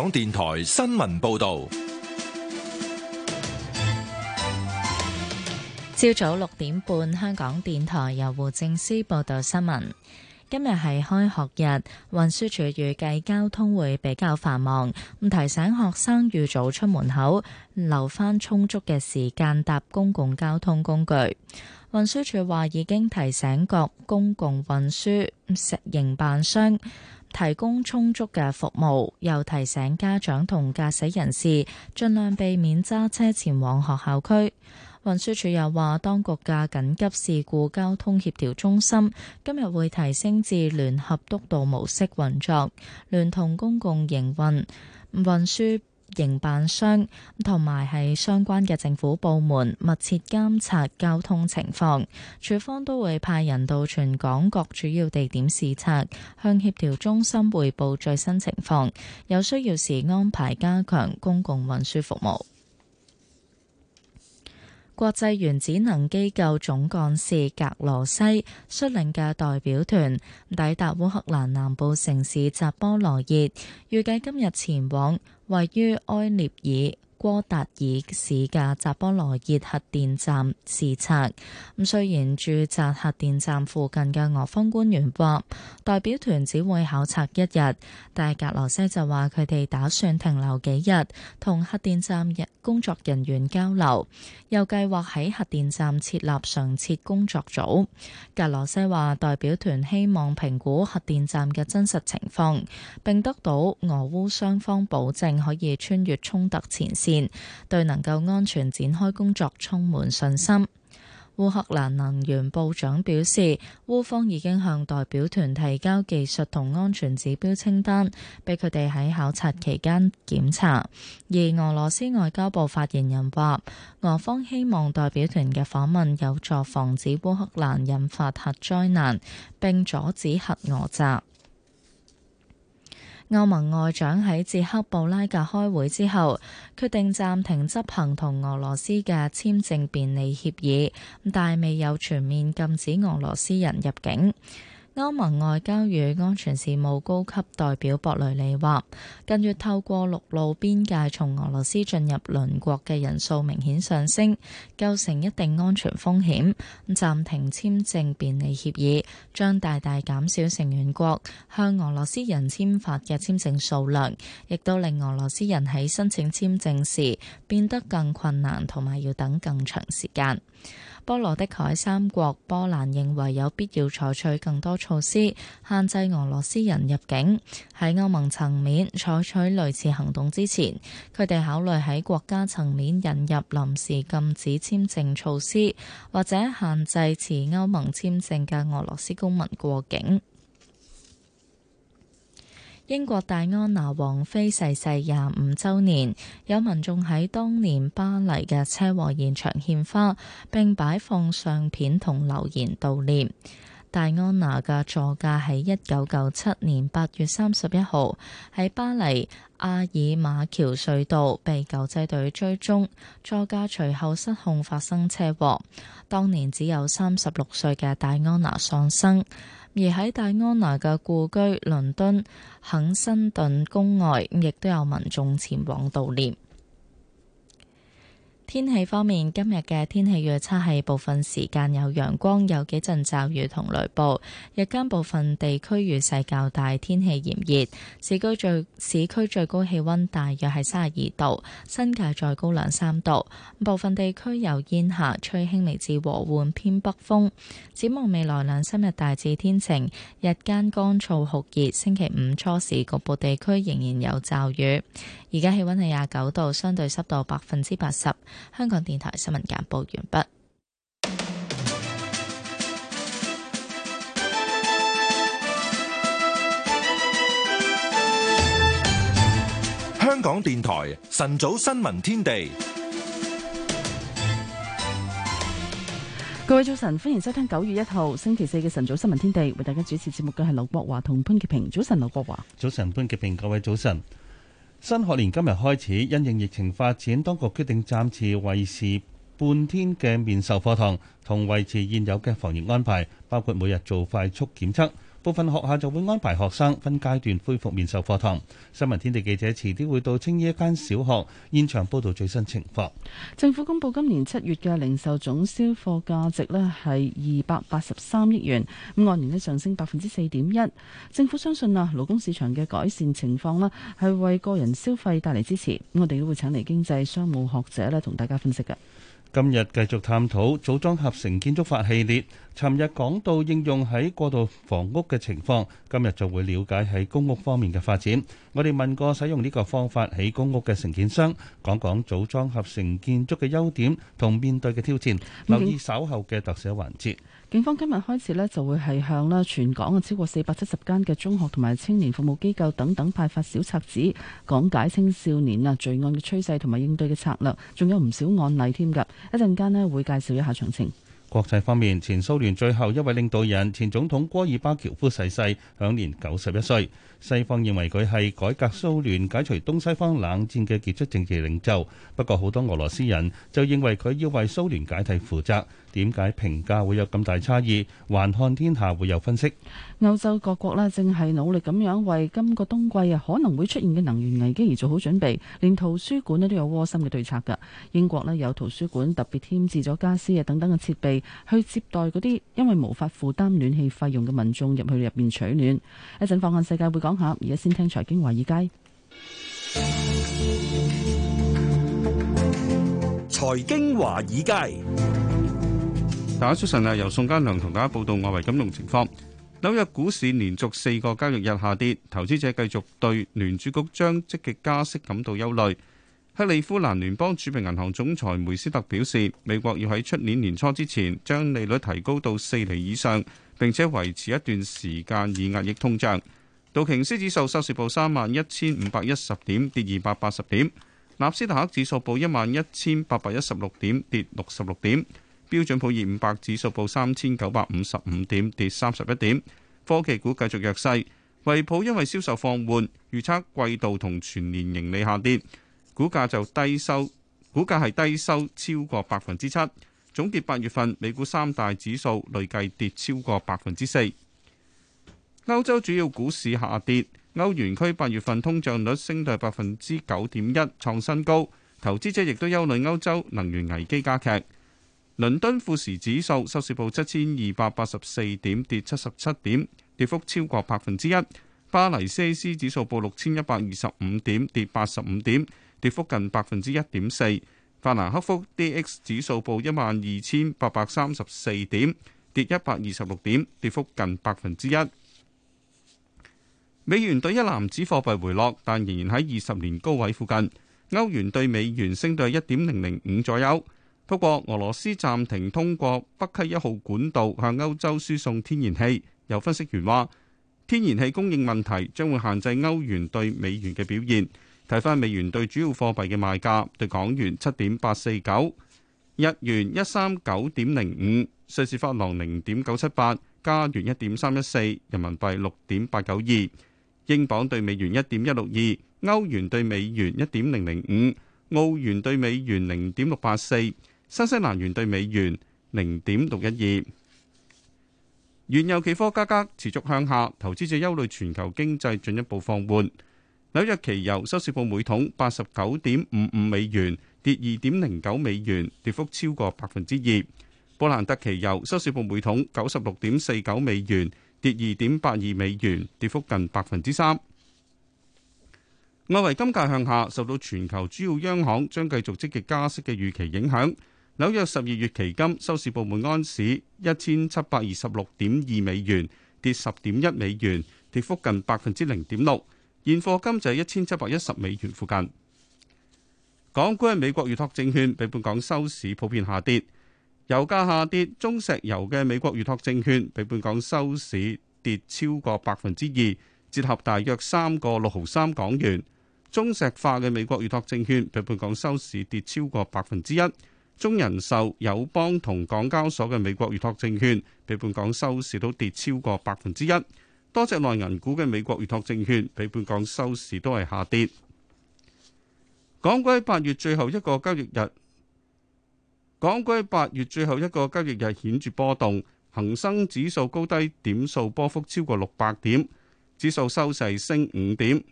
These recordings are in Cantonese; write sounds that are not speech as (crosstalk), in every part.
香港電台新聞報道，朝早六點半，香港電台由胡正思報道新聞。今日係開學日，運輸署預計交通會比較繁忙，唔提醒學生預早出門口，留翻充足嘅時間搭公共交通工具。運輸署話已經提醒各公共運輸營辦商。提供充足嘅服務，又提醒家長同駕駛人士盡量避免揸車前往學校區。運輸署又話，當局嘅緊急事故交通協調中心今日會提升至聯合督導模式運作，聯同公共營運運輸。營辦商同埋係相關嘅政府部門密切監察交通情況，處方都會派人到全港各主要地點視察，向協調中心匯報最新情況。有需要時安排加強公共運輸服務。國際原子能機構總幹事格羅西率領嘅代表團抵達烏克蘭南部城市扎波羅熱，預計今日前往。位於埃涅爾。哥達爾市嘅扎波羅熱核電站視察。咁雖然駐紮核電站附近嘅俄方官員話代表團只會考察一日，但係格羅西就話佢哋打算停留幾日，同核電站工作人員交流，又計劃喺核電站設立常設工作組。格羅西話代表團希望評估核電站嘅真實情況，並得到俄烏雙方保證可以穿越衝突前線。對能夠安全展開工作充滿信心。烏克蘭能源部長表示，烏方已經向代表團提交技術同安全指標清單，俾佢哋喺考察期間檢查。而俄羅斯外交部發言人話，俄方希望代表團嘅訪問有助防止烏克蘭引發核災難，並阻止核訛詐。歐盟外長喺捷克布拉格開會之後，決定暫停執行同俄羅斯嘅簽證便利協議，但未有全面禁止俄羅斯人入境。歐盟外交與安全事務高級代表博雷利話，近月透過陸路邊界從俄羅斯進入鄰國嘅人數明顯上升，構成一定安全風險。暫停簽證便利協議，將大大減少成員國向俄羅斯人簽發嘅簽證數量，亦都令俄羅斯人喺申請簽證時變得更困難，同埋要等更長時間。波羅的海三國、波蘭認為有必要採取更多措施，限制俄羅斯人入境。喺歐盟層面採取類似行動之前，佢哋考慮喺國家層面引入臨時禁止簽證措施，或者限制持歐盟簽證嘅俄羅斯公民過境。英國戴安娜王妃逝世廿五週年，有民眾喺當年巴黎嘅車禍現場獻花，並擺放相片同留言悼念。戴安娜嘅座駕喺一九九七年八月三十一號喺巴黎阿爾馬橋隧道被狗仔隊追蹤，座駕隨後失控發生車禍。當年只有三十六歲嘅戴安娜喪生。而喺戴安娜嘅故居倫敦肯辛頓宮外，亦都有民眾前往悼念。天氣方面，今日嘅天氣預測係部分時間有陽光，有幾陣驟雨同雷暴。日間部分地區雨勢較大，天氣炎熱。市區最市區最高氣溫大約係卅二度，新界再高兩三度。部分地區有煙霞，吹輕微至和緩偏北風。展望未來兩三日，大致天晴，日間乾，乾燥酷熱，熱。星期五初時，局部地區仍然有驟雨。而家氣溫係廿九度，相對濕度百分之八十。香港電台新聞簡報完畢。香港電台晨早新聞天地。各位早晨，歡迎收聽九月一號星期四嘅晨早新聞天地，為大家主持節目嘅係劉國華同潘潔平。早晨，劉國華。早晨，潘潔平。各位早晨。新學年今日開始，因應疫情發展，當局決定暫時維持半天嘅面授課堂，同維持現有嘅防疫安排，包括每日做快速檢測。部分學校就會安排學生分階段恢復面授課堂。新聞天地記者遲啲會到青衣一間小學現場報導最新情況。政府公布今年七月嘅零售總銷貨價值咧係二百八十三億元，咁按年咧上升百分之四點一。政府相信啊勞工市場嘅改善情況啦，係為個人消費帶嚟支持。我哋都會請嚟經濟商務學者咧同大家分析嘅。今日繼續探討組裝合成建築法系列。尋日講到應用喺過渡房屋嘅情況，今日就會了解喺公屋方面嘅發展。我哋問過使用呢個方法喺公屋嘅承建商，講講組裝合成建築嘅優點同面對嘅挑戰。留意稍後嘅特寫環節。警方今日開始呢就會係向啦全港嘅超過四百七十間嘅中學同埋青年服務機構等等派發小冊子，講解青少年啊罪案嘅趨勢同埋應對嘅策略，仲有唔少案例添㗎。一陣間呢會介紹一下詳情。國際方面，前蘇聯最後一位領導人、前總統戈爾巴喬夫逝世，世，享年九十一歲。西方認為佢係改革蘇聯、解除東西方冷戰嘅傑出政治領袖，不過好多俄羅斯人就認為佢要為蘇聯解體負責。點解評價會有咁大差異？環看天下會有分析。歐洲各國咧正係努力咁樣為今個冬季啊可能會出現嘅能源危機而做好準備。連圖書館咧都有窩心嘅對策噶。英國咧有圖書館特別添置咗傢俬啊等等嘅設備去接待嗰啲因為無法負擔暖氣費用嘅民眾入去入面取暖。一陣放眼世界會講下，而家先聽財經華爾街。財經華爾街。大家早晨啊！由宋嘉良同大家報道外圍金融情況。紐約股市連續四個交易日下跌，投資者繼續對聯儲局將積極加息感到憂慮。克利夫蘭聯邦儲備銀行總裁梅斯特表示，美國要喺出年年初之前將利率提高到四厘以上，並且維持一段時間以壓抑通脹。道瓊斯指數收市報三萬一千五百一十點，跌二百八十點；納斯達克指數報一萬一千八百一十六點，跌六十六點。標準普爾五百指數報三千九百五十五點，跌三十一點。科技股繼續弱勢，惠普因為銷售放緩，預測季度同全年盈利下跌，股價就低收，股價係低收超過百分之七。總結八月份，美股三大指數累計跌超過百分之四。歐洲主要股市下跌，歐元區八月份通脹率升到百分之九點一，創新高。投資者亦都憂慮歐洲能源危機加劇。倫敦富時指數收市報七千二百八十四點，跌七十七點，跌幅超過百分之一。巴黎 CAC 指數報六千一百二十五點，跌八十五點，跌幅近百分之一點四。法蘭克福 DAX 指數報一萬二千八百三十四點，跌一百二十六點，跌幅近百分之一。美元對一籃子貨幣回落，但仍然喺二十年高位附近。歐元對美元升到一點零零五左右。不過，俄羅斯暫停通過北溪一號管道向歐洲輸送天然氣。有分析員話，天然氣供應問題將會限制歐元對美元嘅表現。睇返美元對主要貨幣嘅賣價：對港元七點八四九，日元一三九點零五，瑞士法郎零點九七八，加元一點三一四，人民幣六點八九二，英鎊對美元一點一六二，歐元對美元一點零零五，澳元對美元零點六八四。新西蘭元對美元零點六一二，原油期貨價格持續向下，投資者憂慮全球經濟進一步放緩。紐約期油收市報每桶八十九點五五美元，跌二點零九美元，跌幅超過百分之二。布蘭特期油收市報每桶九十六點四九美元，跌二點八二美元，跌幅近百分之三。外圍金價向下，受到全球主要央行將繼續積極加息嘅預期影響。紐約十二月期金收市，部門安市一千七百二十六點二美元，跌十點一美元，跌幅近百分之零點六。現貨金就係一千七百一十美元附近。港股嘅美國預託證券比本港收市普遍下跌，油價下跌，中石油嘅美國預託證券比本港收市跌超過百分之二，折合大約三個六毫三港元。中石化嘅美國預託證券比本港收市跌超過百分之一。中人壽、友邦同港交所嘅美國預託證券，比本港收市都跌超過百分之一。多隻內銀股嘅美國預託證券，比本港收市都係下跌。港規八月最後一個交易日，港規八月最後一個交易日顯著波動，恒生指數高低點數波幅超過六百點，指數收市升五點，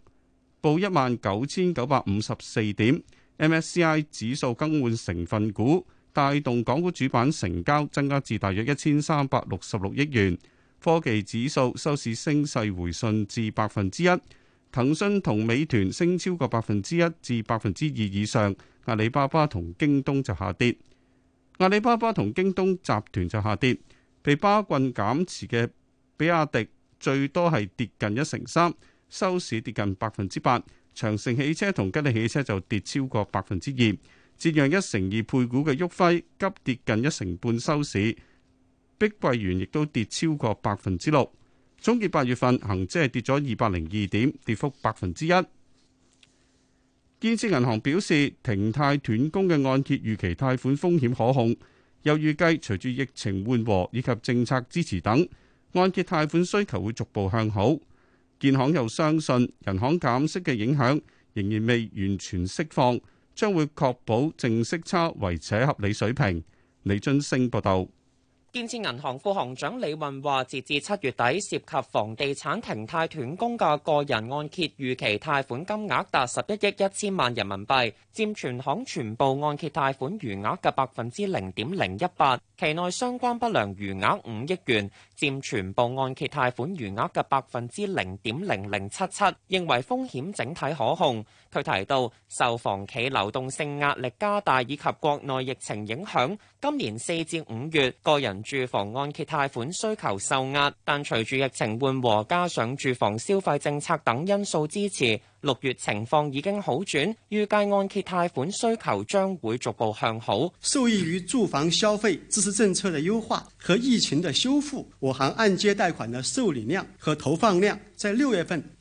報一萬九千九百五十四點。MSCI 指數更換成分股，帶動港股主板成交增加至大約一千三百六十六億元。科技指數收市升勢回順至百分之一，騰訊同美團升超過百分之一至百分之二以上。阿里巴巴同京東就下跌，阿里巴巴同京東集團就下跌，被巴郡減持嘅比亞迪最多係跌近一成三，收市跌近百分之八。長城汽車同吉利汽車就跌超過百分之二，折讓一成二配股嘅旭輝急跌近一成半收市，碧桂園亦都跌超過百分之六。總結八月份恒指係跌咗二百零二點，跌幅百分之一。建設銀行表示，停貸斷供嘅按揭逾期貸款風險可控，又預計隨住疫情緩和以及政策支持等，按揭貸款需求會逐步向好。建行又相信，人行減息嘅影響仍然未完全釋放，將會確保淨息差維持合理水平。李俊升報道。建設銀行副行長李運話：截至七月底，涉及房地產停貸斷供嘅個人按揭逾期貸款金額達十一億一千萬人民幣，佔全行全部按揭貸款餘額嘅百分之零點零一八。期內相關不良餘額五億元，佔全部按揭貸款餘額嘅百分之零點零零七七。認為風險整體可控。佢提到，受房企流動性壓力加大以及國內疫情影響，今年四至五月個人住房按揭貸款需求受壓，但隨住疫情緩和加上住房消費政策等因素支持，六月情況已經好轉，預計按揭貸款需求將會逐步向好。受益於住房消費支持政策的優化和疫情的修復，我行按揭貸款的受理量和投放量在六月份。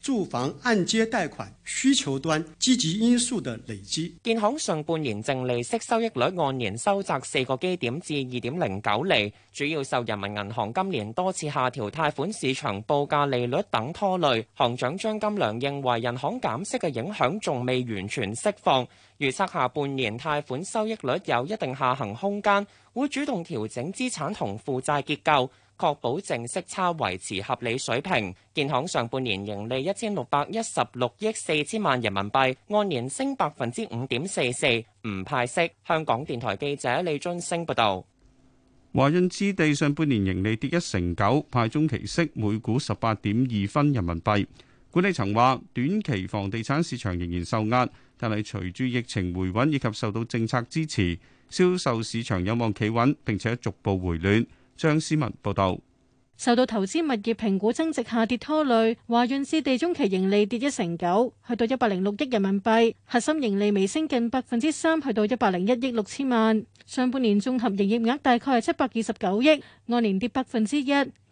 住房按揭貸款需求端積極因素的累積。建行上半年淨利息收益率按年收窄四個基點至二點零九厘，主要受人民銀行今年多次下調貸款市場報價利率等拖累。行長張金良認為，銀行減息嘅影響仲未完全釋放，預測下半年貸款收益率有一定下行空間，會主動調整資產同負債結構。確保淨息差維持合理水平。建行上半年盈利一千六百一十六億四千萬人民幣，按年升百分之五點四四，唔派息。香港電台記者李津升報道。華潤置地上半年盈利跌一成九，派中期息每股十八點二分人民幣。管理層話，短期房地產市場仍然受壓，但係隨住疫情回穩以及受到政策支持，銷售市場有望企穩，並且逐步回暖。張思文報道，受到投資物業評估增值下跌拖累，華潤置地中期盈利跌一成九，去到一百零六億人民幣，核心盈利微升近百分之三，去到一百零一億六千萬。上半年綜合營業額大概係七百二十九億，按年跌百分之一。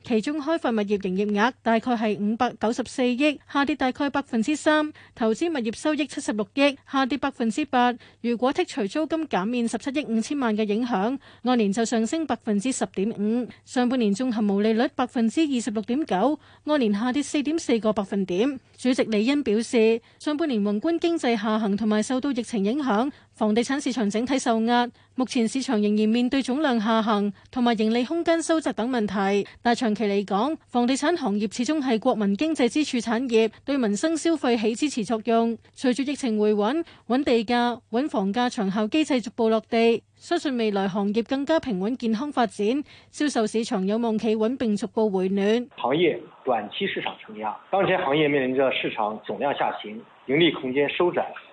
其中開發物業營業額大概係五百九十四億，下跌大概百分之三；投資物業收益七十六億，下跌百分之八。如果剔除租金減免十七億五千萬嘅影響，按年就上升百分之十點五。上半年綜合毛利率百分之二十六點九，按年下跌四點四個百分點。主席李欣表示，上半年宏觀經濟下行同埋受到疫情影響，房地產市場整體受壓，目前市場仍然面對總量下行同埋盈利空間收窄等問題。但長期嚟講，房地產行業始終係國民經濟支柱產業，對民生消費起支持作用。隨住疫情回穩，穩地價、穩房價長效機制逐步落地，相信未來行業更加平穩健康發展，銷售市場有望企穩並逐步回暖。行業短期市場承壓，當前行業面臨着市場總量下行、盈利空間收窄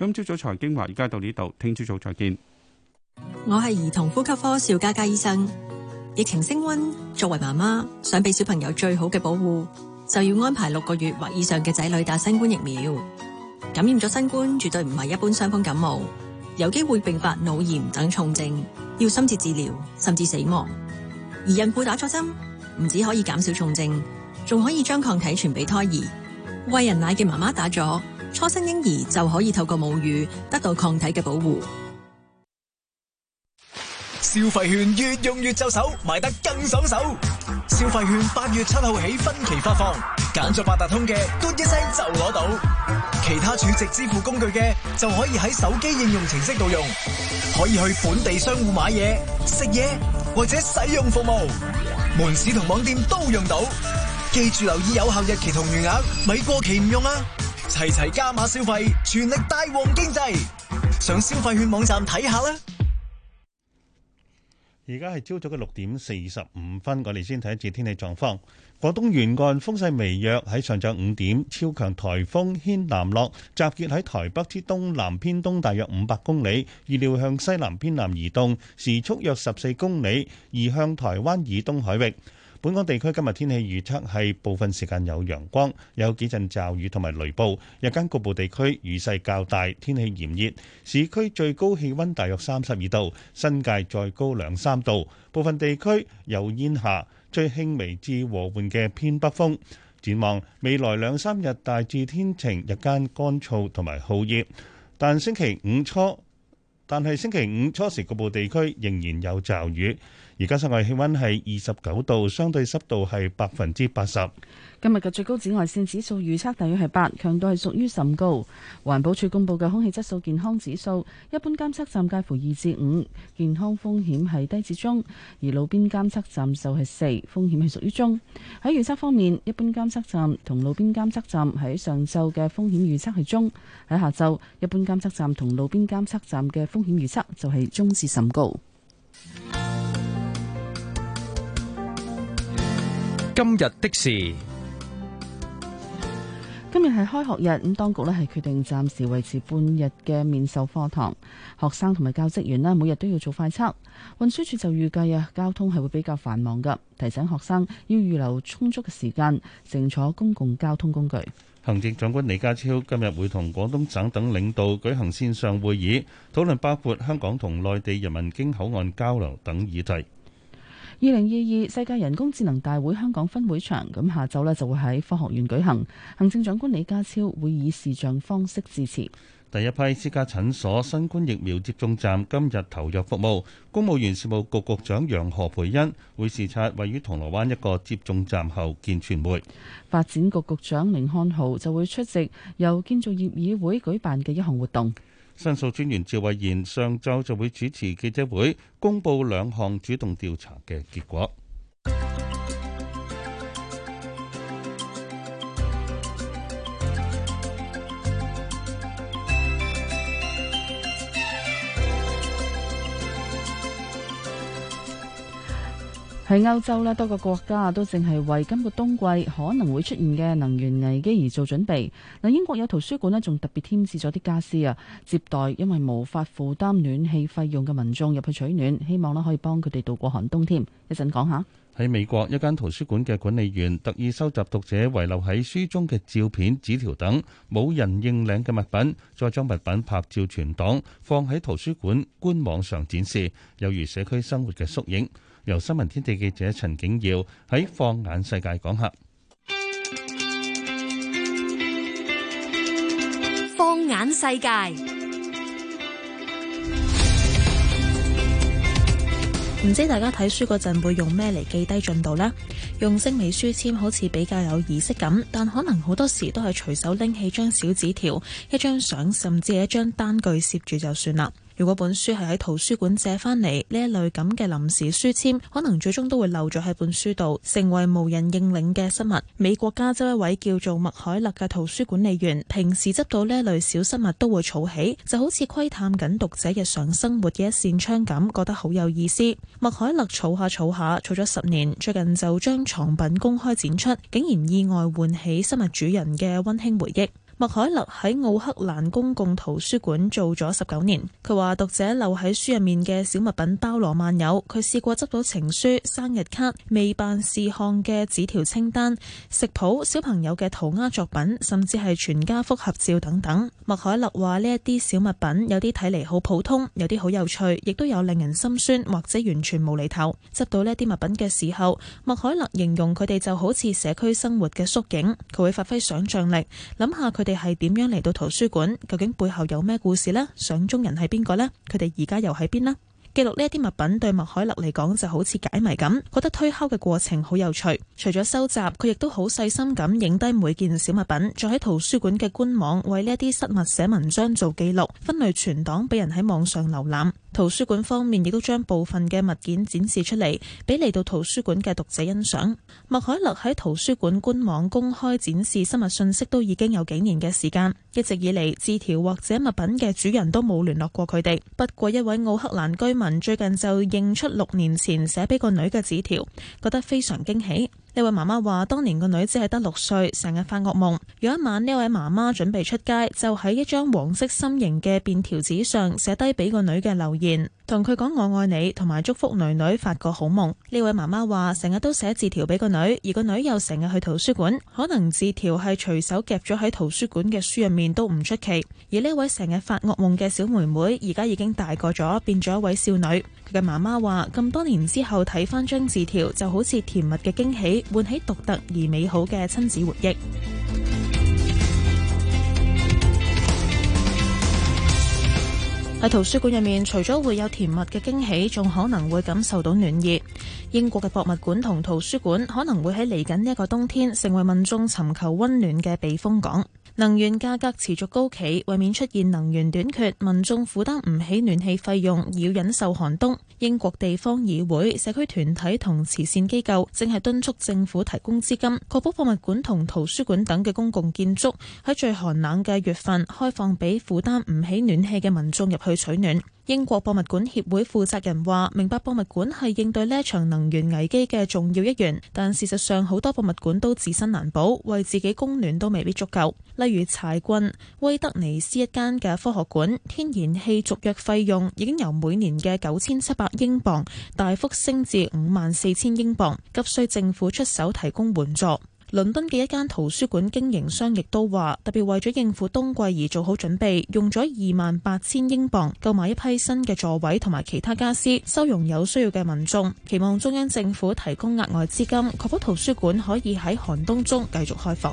今朝早財經話而家到呢度，聽朝早再見。我係兒童呼吸科邵家家醫生。疫情升溫，作為媽媽想俾小朋友最好嘅保護，就要安排六個月或以上嘅仔女打新冠疫苗。感染咗新冠絕對唔係一般傷風感冒，有機會併發腦炎等重症，要深切治療，甚至死亡。而孕婦打咗針，唔止可以減少重症，仲可以將抗體傳俾胎兒。餵人奶嘅媽媽打咗。初生嬰兒就可以透過母乳得到抗體嘅保護。消費券越用越就手，買得更爽手。消費券八月七號起分期發放，揀咗八達通嘅嘟一聲就攞到，其他儲值支付工具嘅就可以喺手機應用程式度用，可以去本地商戶買嘢、食嘢或者使用服務，門市同網店都用到。記住留意有效日期同餘額，咪過期唔用啊！齊齊加碼消費，全力帶旺經濟，上消費券網站睇下啦！而家係朝早嘅六點四十五分，我哋先睇一節天氣狀況。廣東沿岸風勢微弱，喺上晝五點。超強台風軒嵐諾，集結喺台北之東南偏東大約五百公里，預料向西南偏南移動，時速約十四公里，移向台灣以東海域。本港地區今日天、天氣預測係部分時間有陽光，有幾陣驟雨同埋雷暴。日間局部地區雨勢較大，天氣炎熱。市區最高氣温大約三十二度，新界再高兩三度。部分地區有煙霞，最輕微至和緩嘅偏北風。展望未來兩三日大致天晴，日間乾燥同埋酷熱。但星期五初，但係星期五初時局部地區仍然有驟雨。而家室外氣溫係二十九度，相對濕度係百分之八十。今日嘅最高紫外線指數預測大約係八，強度係屬於甚高。環保署公布嘅空氣質素健康指數，一般監測站介乎二至五，健康風險係低至中；而路邊監測站就係四，風險係屬於中。喺預測方面，一般監測站同路邊監測站喺上晝嘅風險預測係中，喺下晝，一般監測站同路邊監測站嘅風險預測就係中至甚高。今日的事，今日係開學日，咁當局咧係決定暫時維持半日嘅面授課堂，學生同埋教職員咧每日都要做快測。運輸處就預計啊，交通係會比較繁忙噶提醒學生要預留充足嘅時間乘坐公共交通工具。行政長官李家超今日會同廣東省等領導舉行綫上會議，討論包括香港同內地人民經口岸交流等議題。二零二二世界人工智能大會香港分會場，咁下晝呢就會喺科學園舉行。行政長官李家超會以視像方式致辭。第一批私家診所新冠疫苗接種站今日投入服務，公務員事務局局局長楊何蓓茵會視察位於銅鑼灣一個接種站後見傳媒。發展局局長甯漢豪就會出席由建造業議會舉辦嘅一項活動。申訴專員趙慧賢上晝就會主持記者會，公布兩項主動調查嘅結果。喺歐洲呢，多個國家都淨係為今個冬季可能會出現嘅能源危機而做準備。嗱，英國有圖書館咧，仲特別添置咗啲家私，啊，接待因為無法負擔暖氣費用嘅民眾入去取暖，希望咧可以幫佢哋度過寒冬添。一陣講下喺美國一間圖書館嘅管理員特意收集讀者遺留喺書中嘅照片、紙條等冇人認領嘅物品，再將物品拍照存檔，放喺圖書館官網上展示，有如社區生活嘅縮影。由新聞天地記者陳景耀喺放眼世界講下，放眼世界，唔知大家睇書嗰陣會用咩嚟記低進度呢？用精美書籤好似比較有儀式感，但可能好多時都係隨手拎起張小紙條、一張相，甚至係一張單據攝住就算啦。如果本書係喺圖書館借翻嚟，呢一類咁嘅臨時書籤，可能最終都會留咗喺本書度，成為無人認領嘅失物。美國加州一位叫做麥凱勒嘅圖書管理員，平時執到呢一類小失物都會儲起，就好似窺探緊讀者日常生活嘅一扇窗咁，覺得好有意思。麥凱勒儲下儲下，儲咗十年，最近就將藏品公開展出，竟然意外喚起失物主人嘅溫馨回憶。麥凱勒喺奧克蘭公共圖，圖書館做咗十九年，佢話讀者留喺書入面嘅小物品包羅萬有，佢試過執到情書、生日卡、未辦事項嘅紙條清單、食譜、小朋友嘅塗鴉作品，甚至係全家福合照等等。麥凱勒話呢一啲小物品有啲睇嚟，好普通，有啲好有趣，亦都有令人心酸或者完全無厘頭。執到呢啲物品嘅時候，麥凱勒形容佢哋就好似社區生活嘅縮影，佢會發揮想象力諗下佢哋。係點樣嚟到圖書館？究竟背後有咩故事呢？相中人係邊個呢？佢哋而家又喺邊呢？記錄呢一啲物品對麥凱勒嚟講就好似解謎咁，覺得推敲嘅過程好有趣。除咗收集，佢亦都好細心咁影低每件小物品，再喺圖書館嘅官網為呢一啲失物寫文章做記錄，分類存檔俾人喺網上瀏覽。圖書館方面亦都將部分嘅物件展示出嚟，俾嚟到圖書館嘅讀者欣賞。麥凱勒喺圖書館官網公開展示私密信息都已經有幾年嘅時間，一直以嚟字條或者物品嘅主人都冇聯絡過佢哋。不過一位奧克蘭居民最近就認出六年前寫俾個女嘅字條，覺得非常驚喜。呢位媽媽話：當年個女只係得六歲，成日發噩夢。有一晚，呢位媽媽準備出街，就喺一張黃色心形嘅便條紙上寫低俾個女嘅留言，同佢講我愛你，同埋祝福女女發個好夢。呢位媽媽話：成日都寫字條俾個女，而個女又成日去圖書館，可能字條係隨手夾咗喺圖書館嘅書入面都唔出奇。而呢位成日發噩夢嘅小妹妹，而家已經大個咗，變咗一位少女。嘅媽媽話：咁多年之後睇翻張字條，就好似甜蜜嘅驚喜，喚起獨特而美好嘅親子回憶。喺 (music) 圖書館入面，除咗會有甜蜜嘅驚喜，仲可能會感受到暖意。英國嘅博物館同圖書館可能會喺嚟緊呢一個冬天，成為民眾尋求溫暖嘅避風港。能源價格持續高企，為免出現能源短缺，民眾負擔唔起暖氣費用而要忍受寒冬，英國地方議會、社區團體同慈善機構正係敦促政府提供資金，確保博物館同圖書館等嘅公共建築喺最寒冷嘅月份開放俾負擔唔起暖氣嘅民眾入去取暖。英國博物館協會負責人話，明白博物館係應對呢場能源危機嘅重要一員，但事實上好多博物館都自身難保，為自己供暖都未必足夠。例如柴郡威德尼斯一間嘅科學館，天然氣續約費用已經由每年嘅九千七百英鎊大幅升至五萬四千英鎊，急需政府出手提供援助。倫敦嘅一間圖書館經營商亦都話，特別為咗應付冬季而做好準備，用咗二萬八千英鎊購買一批新嘅座位同埋其他家私，收容有需要嘅民眾。期望中央政府提供額外資金，確保圖書館可以喺寒冬中繼續開放。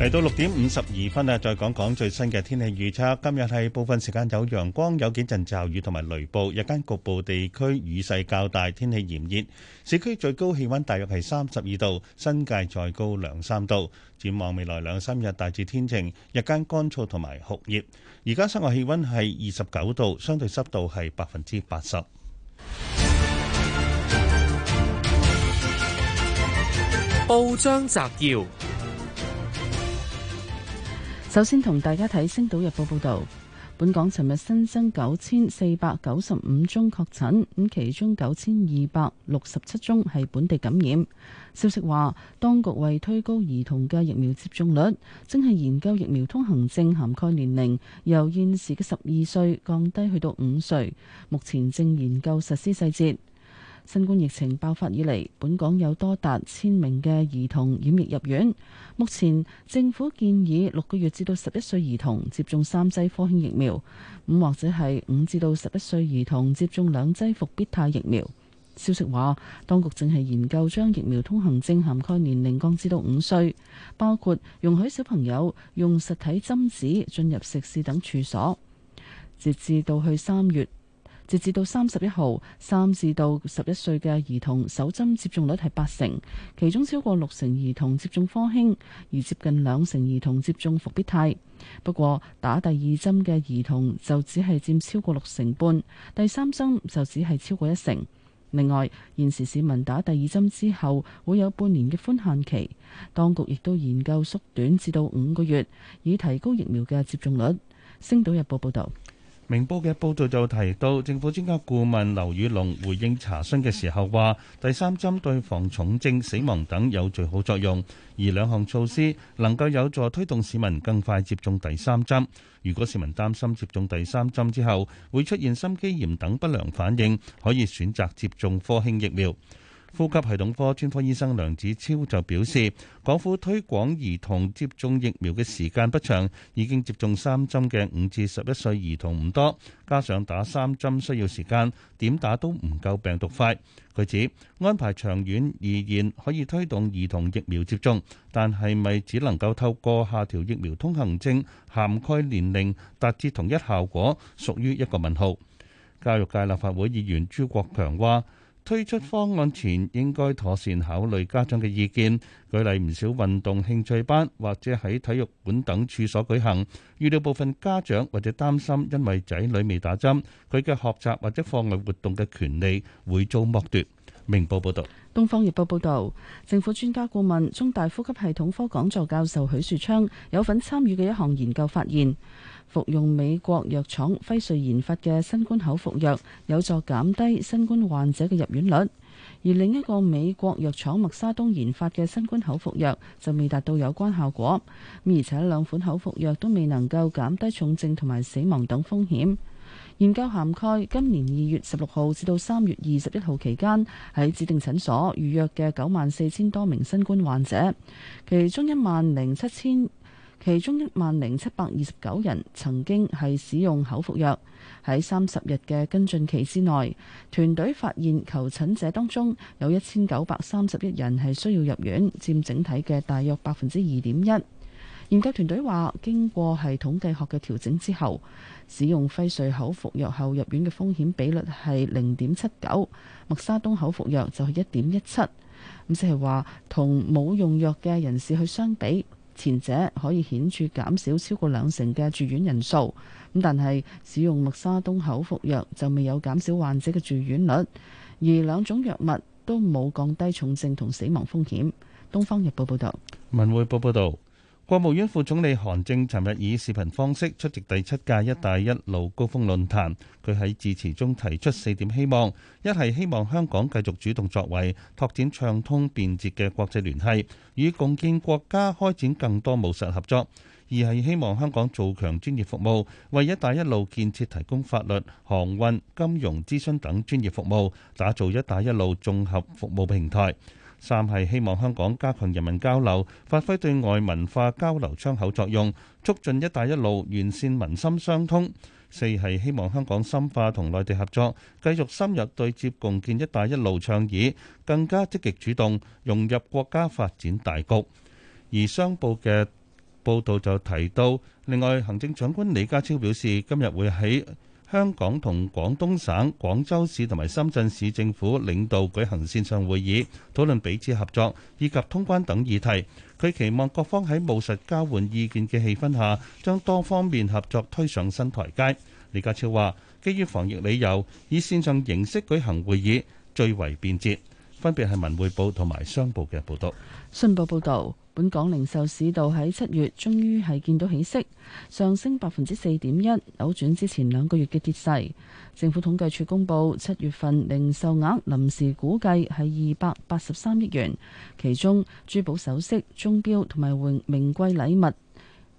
嚟到六點五十二分啊，再講講最新嘅天氣預測。今日係部分時間有陽光，有幾陣驟雨同埋雷暴，日間局部地區雨勢較大，天氣炎熱。市區最高氣溫大約係三十二度，新界再高兩三度。展望未來兩三日大致天晴，日間乾燥同埋酷熱。而家室外氣溫係二十九度，相對濕度係百分之八十。報章摘要。首先同大家睇《星島日報》報道，本港尋日新增九千四百九十五宗確診，咁其中九千二百六十七宗係本地感染。消息話，當局為推高兒童嘅疫苗接種率，正係研究疫苗通行證涵蓋年齡，由現時嘅十二歲降低去到五歲，目前正研究實施細節。新冠疫情爆發以嚟，本港有多達千名嘅兒童染疫入院。目前政府建議六個月至到十一歲兒童接種三劑科興疫苗，咁或者係五至到十一歲兒童接種兩劑復必泰疫苗。消息話，當局正係研究將疫苗通行證涵蓋年齡降至到五歲，包括容許小朋友用實體針紙進入食肆等處所，直至到去三月。直至到三十一號，三至到十一歲嘅兒童首針接種率係八成，其中超過六成兒童接種科興，而接近兩成兒童接種復必泰。不過打第二針嘅兒童就只係佔超過六成半，第三針就只係超過一成。另外現時市民打第二針之後會有半年嘅寬限期，當局亦都研究縮短至到五個月，以提高疫苗嘅接種率。星島日報報道。明報嘅報道就提到，政府專家顧問劉宇龍回應查詢嘅時候話，第三針對防重症、死亡等有最好作用，而兩項措施能夠有助推動市民更快接種第三針。如果市民擔心接種第三針之後會出現心肌炎等不良反應，可以選擇接種科興疫苗。呼吸系統科專科醫生梁子超就表示，港府推廣兒童接種疫苗嘅時間不長，已經接種三針嘅五至十一歲兒童唔多，加上打三針需要時間，點打都唔夠病毒快。佢指安排長遠而言可以推動兒童疫苗接種，但係咪只能夠透過下調疫苗通行證涵蓋年齡達至同一效果，屬於一個問號。教育界立法會議員朱國強話。推出方案前應該妥善考慮家長嘅意見。舉例，唔少運動興趣班或者喺體育館等處所舉行，遇到部分家長或者擔心，因為仔女未打針，佢嘅學習或者課外活動嘅權利會遭剝奪。明報報道，東方日報報道，政府專家顧問、中大呼吸系統科講座教授許樹昌有份參與嘅一項研究發現。服用美國藥廠輝瑞研發嘅新冠口服藥，有助減低新冠患者嘅入院率；而另一個美國藥廠默沙東研發嘅新冠口服藥就未達到有關效果，而且兩款口服藥都未能夠減低重症同埋死亡等風險。研究涵蓋今年二月十六號至到三月二十一號期間喺指定診所預約嘅九萬四千多名新冠患者，其中一萬零七千。其中一萬零七百二十九人曾經係使用口服藥，喺三十日嘅跟進期之內，團隊發現求診者當中有一千九百三十一人係需要入院，佔整體嘅大約百分之二點一。研究團隊話經過係統計學嘅調整之後，使用輝瑞口服藥後入院嘅風險比率係零點七九，默沙東口服藥就係一點一七，咁即係話同冇用藥嘅人士去相比。前者可以顯著減少超過兩成嘅住院人數，咁但係使用默沙東口服藥就未有減少患者嘅住院率，而兩種藥物都冇降低重症同死亡風險。東方日報報道，文匯報報道。國務院副總理韓正尋日以視頻方式出席第七屆“一帶一路”高峰論壇。佢喺致辭中提出四點希望：一係希望香港繼續主動作為，拓展暢通便捷嘅國際聯繫，與共建國家開展更多務實合作；二係希望香港做強專業服務，為“一帶一路”建設提供法律、航運、金融、諮詢等專業服務，打造“一帶一路”綜合服務平台。三係希望香港加強人民交流，發揮對外文化交流窗口作用，促進「一帶一路」完善民心相通。四係希望香港深化同內地合作，繼續深入對接，共建「一帶一路」倡議，更加積極主動融入國家發展大局。而商報嘅報導就提到，另外行政長官李家超表示，今日會喺香港同廣東省廣州市同埋深圳市政府領導舉行線上會議，討論彼此合作以及通關等議題。佢期望各方喺務實交換意見嘅氣氛下，將多方面合作推上新台階。李家超話，基於防疫理由，以線上形式舉行會議最為便捷。分別係文匯報同埋商報嘅報道。信報報道。本港零售市道喺七月終於係見到起色，上升百分之四點一，扭轉之前兩個月嘅跌勢，政府統計處公布七月份零售額臨時估計係二百八十三億元，其中珠寶首飾鐘錶同埋名名貴禮物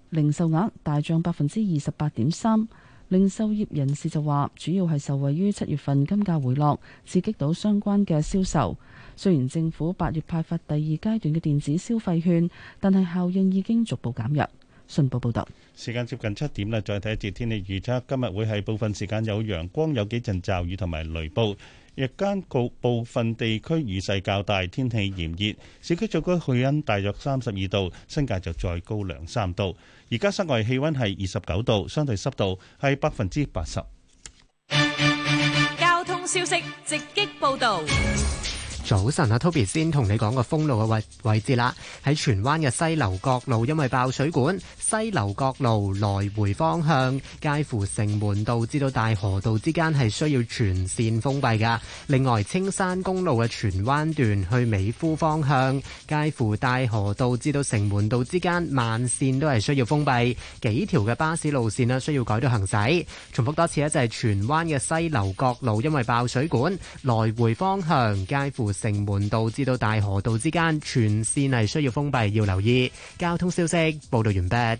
零售額大漲百分之二十八點三。零售業人士就話主要係受惠於七月份金價回落，刺激到相關嘅銷售。雖然政府八月派發第二階段嘅電子消費券，但係效應已經逐步減弱。信報報道，時間接近七點啦。再睇一節天氣預測，今日會係部分時間有陽光，有幾陣驟雨同埋雷暴。日間局部地區雨勢較大，天氣炎熱。市區最高氣溫大約三十二度，新界就再高兩三度。而家室外氣溫係二十九度，相對濕度係百分之八十。交通消息直擊報道。早晨啊，Toby 先同你講個封路嘅位位置啦。喺荃灣嘅西樓角路，因為爆水管，西樓角路來回方向，介乎城門道至到大河道之間係需要全線封閉噶。另外，青山公路嘅荃灣段去美孚方向，介乎大河道至到城門道之間，慢線都係需要封閉。幾條嘅巴士路線咧需要改咗行駛。重複多次咧，就係、是、荃灣嘅西樓角路，因為爆水管，來回方向介乎。城門道至到大河道之間全線係需要封閉，要留意交通消息。報道完畢。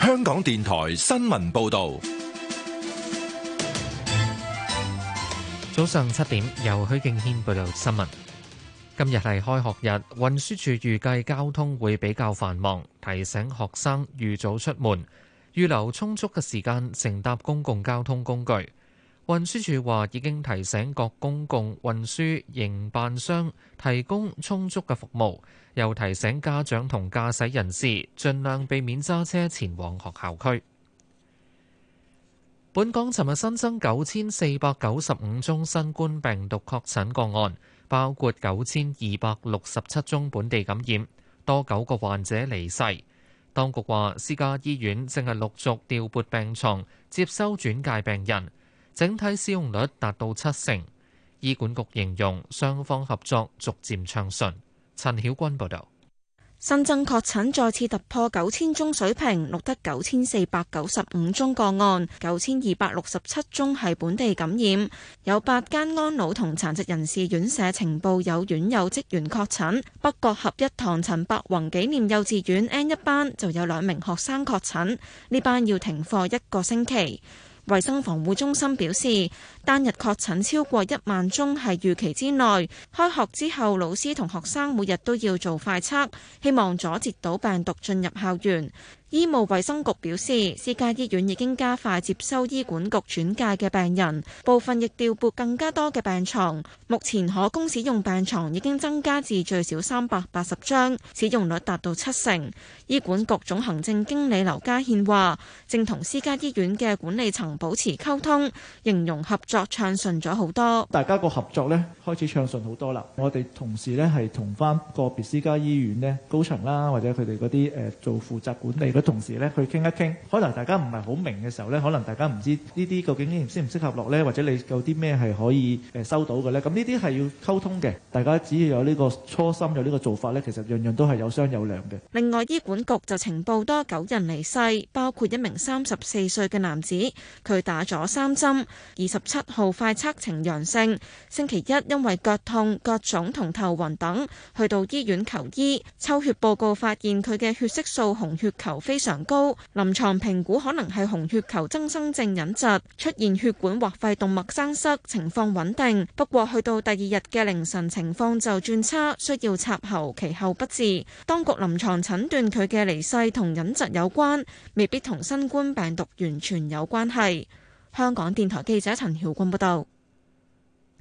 香港電台新聞報道。早上七點，由許敬軒報道新聞。今日係開學日，運輸處預計交通會比較繁忙，提醒學生預早出門，預留充足嘅時間乘搭公共交通工具。運輸處話已經提醒各公共運輸營辦商提供充足嘅服務，又提醒家長同駕駛人士盡量避免揸車前往學校區。本港尋日新增九千四百九十五宗新冠病毒確診個案，包括九千二百六十七宗本地感染，多九個患者離世。當局話私家醫院正係陸續調撥病床，接收轉介病人，整體使用率達到七成。醫管局形容雙方合作逐漸暢順。陳曉君報道。新增確診再次突破九千宗水平，錄得九千四百九十五宗個案，九千二百六十七宗係本地感染。有八間安老同殘疾人士院舍情報有院友職員確診，北角合一堂陳百宏紀念幼稚園 N 一班就有兩名學生確診，呢班要停課一個星期。衛生防護中心表示，單日確診超過一萬宗係預期之內。開學之後，老師同學生每日都要做快測，希望阻截到病毒進入校園。醫務衛生局表示，私家醫院已經加快接收醫管局轉介嘅病人，部分亦調撥更加多嘅病床。目前可供使用病床已經增加至最少三百八十張，使用率達到七成。醫管局總行政經理劉家憲話，正同私家醫院嘅管理層保持溝通，形容合作暢順咗好多。大家個合作咧開始暢順好多啦。 (music) 我哋同時咧係同翻個別私家醫院咧高層啦，或者佢哋嗰啲誒做負責管理同時咧，去傾一傾，可能大家唔係好明嘅時候咧，可能大家唔知呢啲究竟適唔適合落咧，或者你有啲咩係可以誒收到嘅咧，咁呢啲係要溝通嘅。大家只要有呢個初心，有呢個做法咧，其實樣樣都係有商有量嘅。另外，醫管局就情報多九人離世，包括一名三十四歲嘅男子，佢打咗三針，二十七號快測呈陽性，星期一因為腳痛、腳腫同頭暈等，去到醫院求醫，抽血報告發現佢嘅血色素、紅血球非非常高，臨床評估可能係紅血球增生症隱疾，出現血管或肺動脈栓塞，情況穩定。不過去到第二日嘅凌晨，情況就轉差，需要插喉，其後不治。當局臨床診斷佢嘅離世同隱疾有關，未必同新冠病毒完全有關係。香港電台記者陳曉君報道。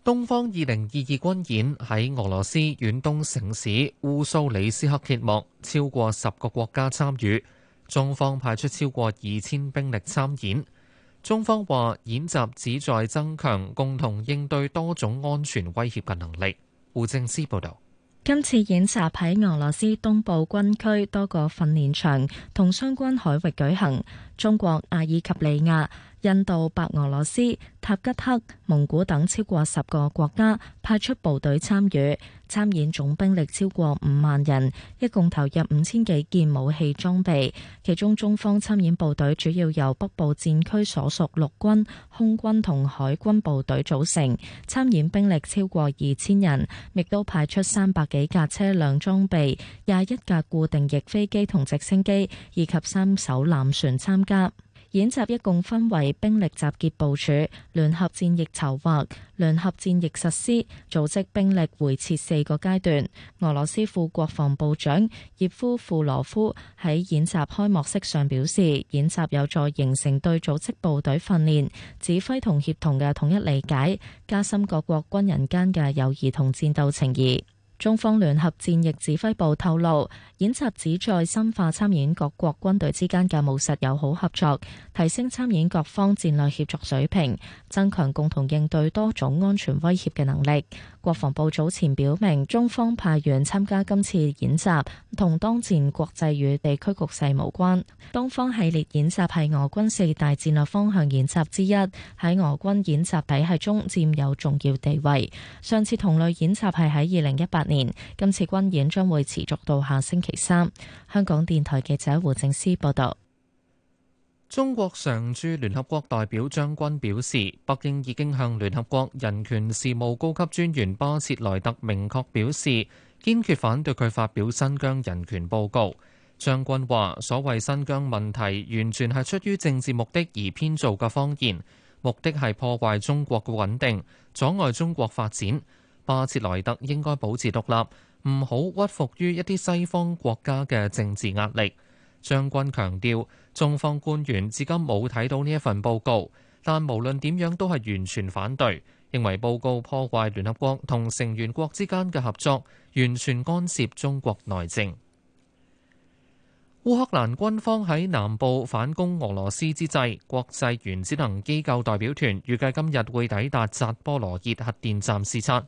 東方二零二二軍演喺俄羅斯遠東城市烏蘇里斯克揭幕，超過十個國家參與。中方派出超過二千兵力參演，中方話演習旨在增強共同應對多種安全威脅嘅能力。胡正之報導，今次演習喺俄羅斯東部軍區多個訓練場同相關海域舉行。中國、阿爾及利亞、印度、白俄羅斯、塔吉克、蒙古等超過十個國家派出部隊參與，參演總兵力超過五萬人，一共投入五千幾件武器裝備，其中中方參演部隊主要由北部戰區所屬陸軍空軍同海軍部隊組成，參演兵力超過二千人，亦都派出三百幾架車輛裝備廿一架固定翼飛機同直升機以及三艘艦船參加。演習一共分為兵力集結部署、聯合戰役籌劃、聯合戰役實施、組織兵力回撤四個階段。俄羅斯副國防部長葉夫庫羅夫喺演習開幕式上表示，演習有助形成對組織部隊訓練、指揮同協同嘅統一理解，加深各國軍人間嘅友誼同戰鬥情誼。中方聯合戰役指揮部透露，演習旨在深化參演各國軍隊之間嘅務實友好合作，提升參演各方戰略協作水平，增強共同應對多種安全威脅嘅能力。國防部早前表明，中方派員參加今次演習，同當前國際與地區局勢無關。東方系列演習係俄軍四大戰略方向演習之一，喺俄軍演習體系中佔有重要地位。上次同類演習係喺二零一八年，今次軍演將會持續到下星期三。香港電台記者胡正思報道。中國常駐聯合國代表張軍表示，北京已經向聯合國人權事務高級專員巴切萊特明確表示，堅決反對佢發表新疆人權報告。張軍話：所謂新疆問題完全係出於政治目的而編造嘅謊言，目的係破壞中國嘅穩定，阻礙中國發展。巴切萊特應該保持獨立，唔好屈服於一啲西方國家嘅政治壓力。張軍強調。中方官員至今冇睇到呢一份報告，但無論點樣都係完全反對，認為報告破壞聯合國同成員國之間嘅合作，完全干涉中國內政。烏克蘭軍方喺南部反攻俄羅斯之際，國際原子能機構代表團預計今日會抵達扎波羅熱核電站視察。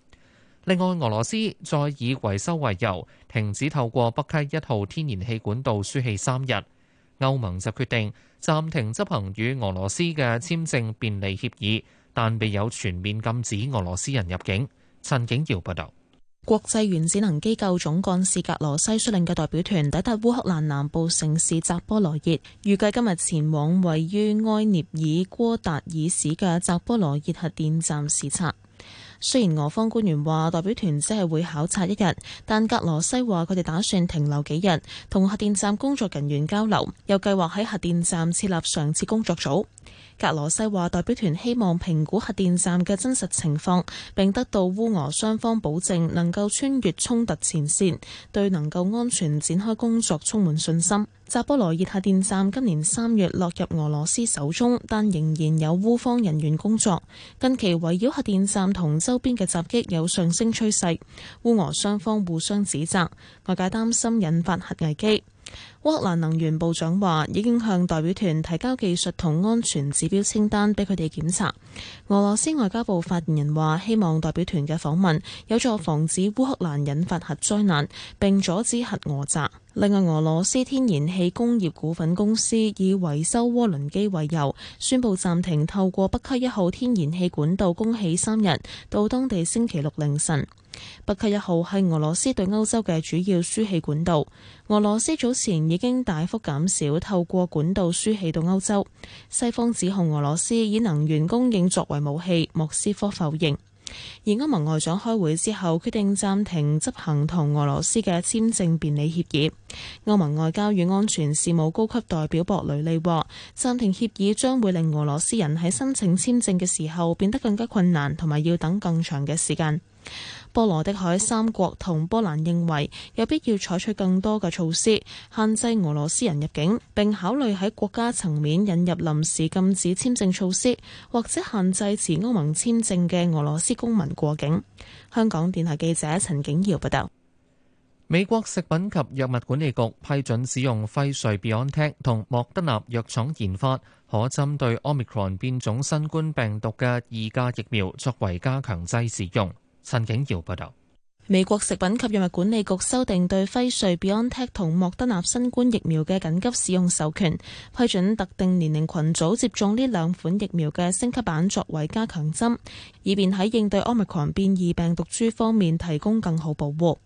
另外，俄羅斯再以維修為由，停止透過北溪一號天然氣管道輸氣三日。歐盟就決定暫停執行與俄羅斯嘅簽證便利協議，但未有全面禁止俄羅斯人入境。陳景耀報道，國際原子能機構總幹事格羅西率領嘅代表團抵達烏克蘭南部城市扎波羅熱，預計今日前往位於埃涅爾戈達爾市嘅扎波羅熱核電站視察。雖然俄方官員話代表團只係會考察一日，但格羅西話佢哋打算停留幾日，同核電站工作人員交流，又計劃喺核電站設立常設工作組。格羅西話：代表團希望評估核電站嘅真實情況，並得到烏俄雙方保證能夠穿越衝突前線，對能夠安全展開工作充滿信心。扎波羅熱核電站今年三月落入俄羅斯手中，但仍然有烏方人員工作。近期圍繞核電站同周邊嘅襲擊有上升趨勢，烏俄雙方互相指責，外界擔心引發核危機。烏克蘭能源部長話已經向代表團提交技術同安全指標清單俾佢哋檢查。俄羅斯外交部發言人話：希望代表團嘅訪問有助防止烏克蘭引發核災難，並阻止核訛詐。另外，俄羅斯天然氣工業股份公司以維修渦輪機為由，宣布暫停透過北溪一號天然氣管道供氣三日，到當地星期六凌晨。北溪一號係俄羅斯對歐洲嘅主要輸氣管道。俄羅斯早前已經大幅減少透過管道輸氣到歐洲。西方指控俄羅斯以能源供應作為武器，莫斯科否認。而歐盟外長開會之後，決定暫停執行同俄羅斯嘅簽證便利協議。歐盟外交與安全事務高級代表博雷利話：暫停協議將會令俄羅斯人喺申請簽證嘅時候變得更加困難，同埋要等更長嘅時間。波羅的海三國同波蘭認為有必要採取更多嘅措施，限制俄羅斯人入境，並考慮喺國家層面引入臨時禁止簽證措施，或者限制持歐盟簽證嘅俄羅斯公民過境。香港電台記者陳景耀報道。美國食品及藥物管理局批准使用輝瑞、BioNTech 同莫德納藥廠研發可針對 Omicron 變種新冠病毒嘅二價疫苗，作為加強劑使用。陳景耀報道，美國食品及藥物管理局修訂對輝瑞、BioNTech 同莫德納新冠疫苗嘅緊急使用授權，批准特定年齡群組接種呢兩款疫苗嘅升級版作為加強針，以便喺應對奧密克戎變異病毒株方面提供更好保護。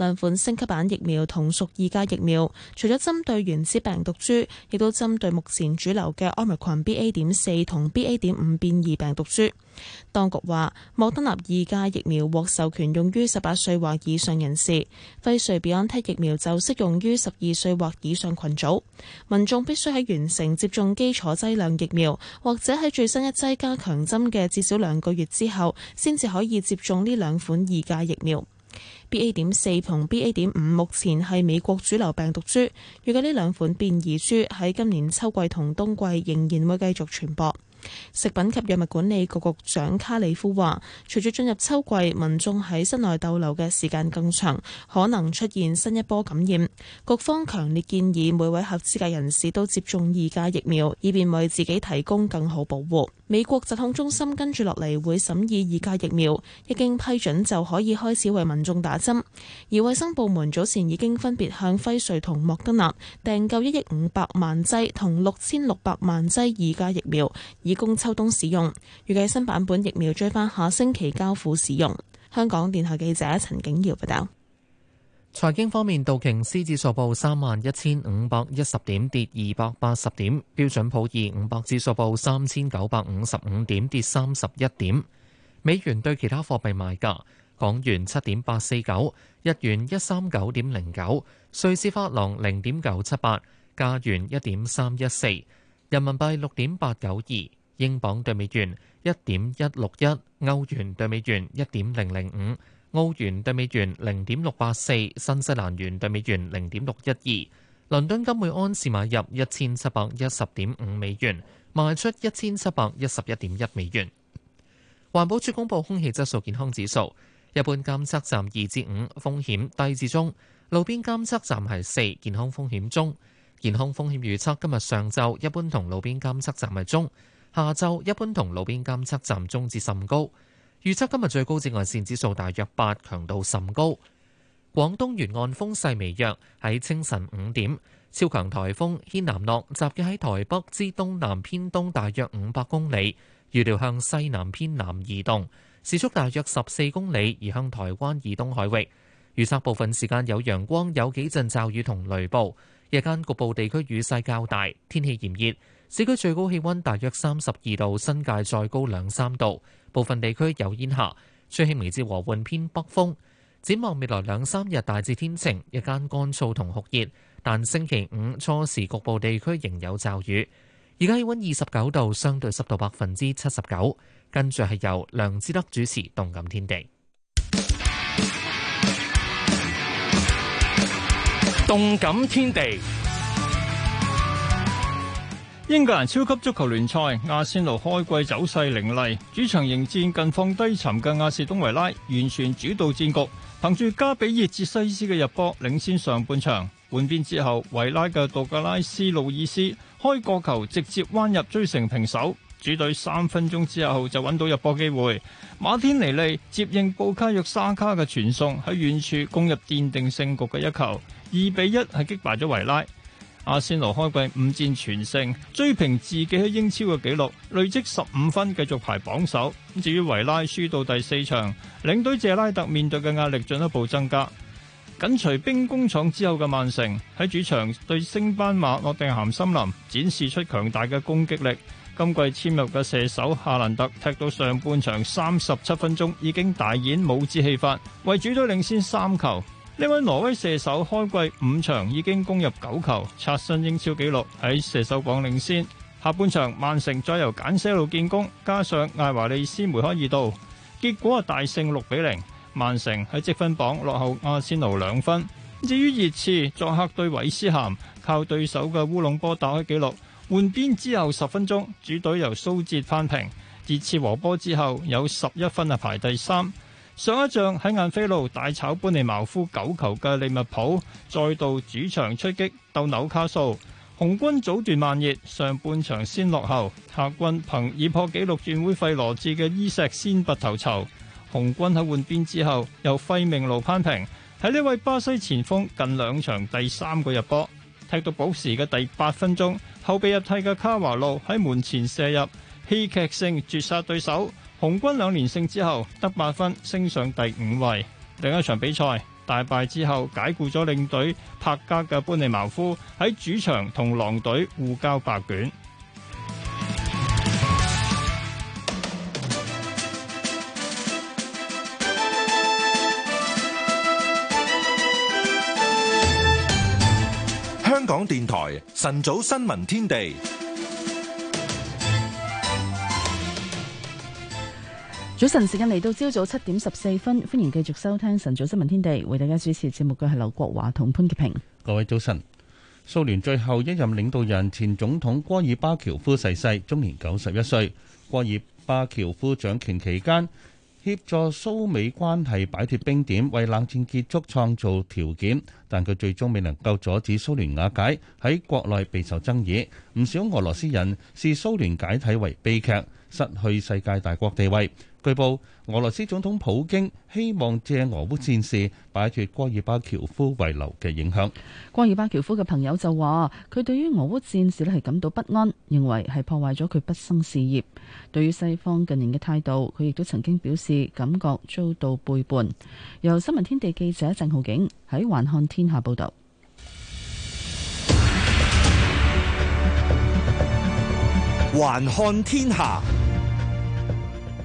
兩款升級版疫苗同屬二價疫苗，除咗針對原子病毒株，亦都針對目前主流嘅奧密克戎 BA. 點四同 BA. 點五變異病毒株。當局話，莫德納二價疫苗獲授權用於十八歲或以上人士，輝瑞 BioNTech 疫苗就適用於十二歲或以上群組。民眾必須喺完成接種基礎劑量疫苗，或者喺最新一劑加強針嘅至少兩個月之後，先至可以接種呢兩款二價疫苗。BA. 點四同 BA. 點五目前係美國主流病毒株，預計呢兩款變異株喺今年秋季同冬季仍然會繼續傳播。食品及藥物管理局局長卡里夫話，隨住進入秋季，民眾喺室內逗留嘅時間更長，可能出現新一波感染。局方強烈建議每位合資格人士都接種二價疫苗，以便為自己提供更好保護。美國疾控中心跟住落嚟會審議二價疫苗，一經批准就可以開始為民眾打針。而衛生部門早前已經分別向輝瑞同莫德納訂購一億五百萬劑同六千六百萬劑二價疫苗。以供秋冬使用，預計新版本疫苗追翻下星期交付使用。香港電台記者陳景瑤報道。財經方面，道瓊斯指數報三萬一千五百一十點，跌二百八十點；標準普爾五百指數報三千九百五十五點，跌三十一點。美元對其他貨幣賣價：港元七點八四九，日元一三九點零九，瑞士法郎零點九七八，加元一點三一四，人民幣六點八九二。英鎊兌美元一點一六一，歐元兌美元一點零零五，澳元兌美元零點六八四，新西蘭元兌美元零點六一二。倫敦金每安士買入一千七百一十點五美元，賣出一千七百一十一點一美元。環保署公布空氣質素健康指數，一般監測站二至五，5, 風險低至中；路邊監測站係四，健康風險中。健康風險預測今日上晝一般同路邊監測站係中。下晝一般同路邊監測站中至甚高，預測今日最高紫外線指數大約八，強度甚高。廣東沿岸風勢微弱，喺清晨五點，超強颱風軒嵐諾，集結喺台北之東南偏東大約五百公里，預料向西南偏南移動，時速大約十四公里，移向台灣以東海域。預測部分時間有陽光，有幾陣驟雨同雷暴，日間局部地區雨勢較大，天氣炎熱。市區最高氣溫大約三十二度，新界再高兩三度，部分地區有煙霞，吹輕微至和緩偏北風。展望未來兩三日大致天晴，日間乾燥同酷熱，但星期五初時局部地區仍有驟雨。而家氣溫二十九度，相對濕度百分之七十九，跟住係由梁志德主持《動感天地》。《動感天地》英格蘭超級足球聯賽阿仙奴開季走勢凌厲，主場迎戰近況低沉嘅亞士東維拉，完全主導戰局，憑住加比熱切西斯嘅入波領先上半場。換邊之後，維拉嘅杜格拉斯路易斯開角球直接彎入追成平手，主隊三分鐘之後就揾到入波機會，馬天尼利接應布卡約沙卡嘅傳送喺遠處攻入奠定勝局嘅一球，二比一係擊敗咗維拉。阿仙奴開季五戰全勝，追平自己喺英超嘅紀錄，累積十五分，繼續排榜首。至於維拉輸到第四場，領隊謝拉特面對嘅壓力進一步增加。緊隨兵工廠之後嘅曼城喺主場對升班馬諾定咸森林，展示出強大嘅攻擊力。今季簽入嘅射手夏蘭特踢到上半場三十七分鐘，已經大演帽子戲法，為主隊領先三球。呢位挪威射手開季五場已經攻入九球，刷新英超紀錄喺射手榜領先。下半場曼城再由簡些路建功，加上艾華利斯梅開二度，結果大勝六比零。曼城喺積分榜落後阿仙奴兩分。至於熱刺作客對韋斯咸，靠對手嘅烏龍波打開紀錄。換邊之後十分鐘，主隊由蘇哲扳平。熱刺和波之後有十一分啊，排第三。上一仗喺晏菲路大炒本尼茅夫九球嘅利物浦，再度主場出擊鬥紐卡素，紅軍早段慢熱，上半場先落後，客軍憑以破紀錄轉會費羅致嘅伊石先拔頭籌，紅軍喺換邊之後由費明路攀平，喺呢位巴西前鋒近兩場第三個入波，踢到補時嘅第八分鐘，後備入替嘅卡華路喺門前射入戲劇性絕殺對手。紅軍兩連勝之後得八分升上第五位，另一場比賽大敗之後解雇咗領隊帕加嘅班尼茅夫喺主場同狼隊互交白卷。香港電台晨早新聞天地。早晨，時間嚟到，朝早七點十四分，歡迎繼續收聽晨早新聞天地。為大家主持節目嘅係劉國華同潘潔平。各位早晨。蘇聯最後一任領導人、前總統戈爾巴喬夫逝世，終年九十一歲。戈爾巴喬夫掌權期間，協助蘇美關係擺脱冰點，為冷戰結束創造條件，但佢最終未能夠阻止蘇聯瓦解，喺國內備受爭議。唔少俄羅斯人視蘇聯解體為悲劇，失去世界大國地位。據報，俄羅斯總統普京希望借俄烏戰事擺脫戈爾巴喬夫遺留嘅影響。戈爾巴喬夫嘅朋友就話，佢對於俄烏戰事呢係感到不安，認為係破壞咗佢畢生事業。對於西方近年嘅態度，佢亦都曾經表示感覺遭到背叛。由新聞天地記者鄭浩景喺環看天下報道。環看天下。報導環看天下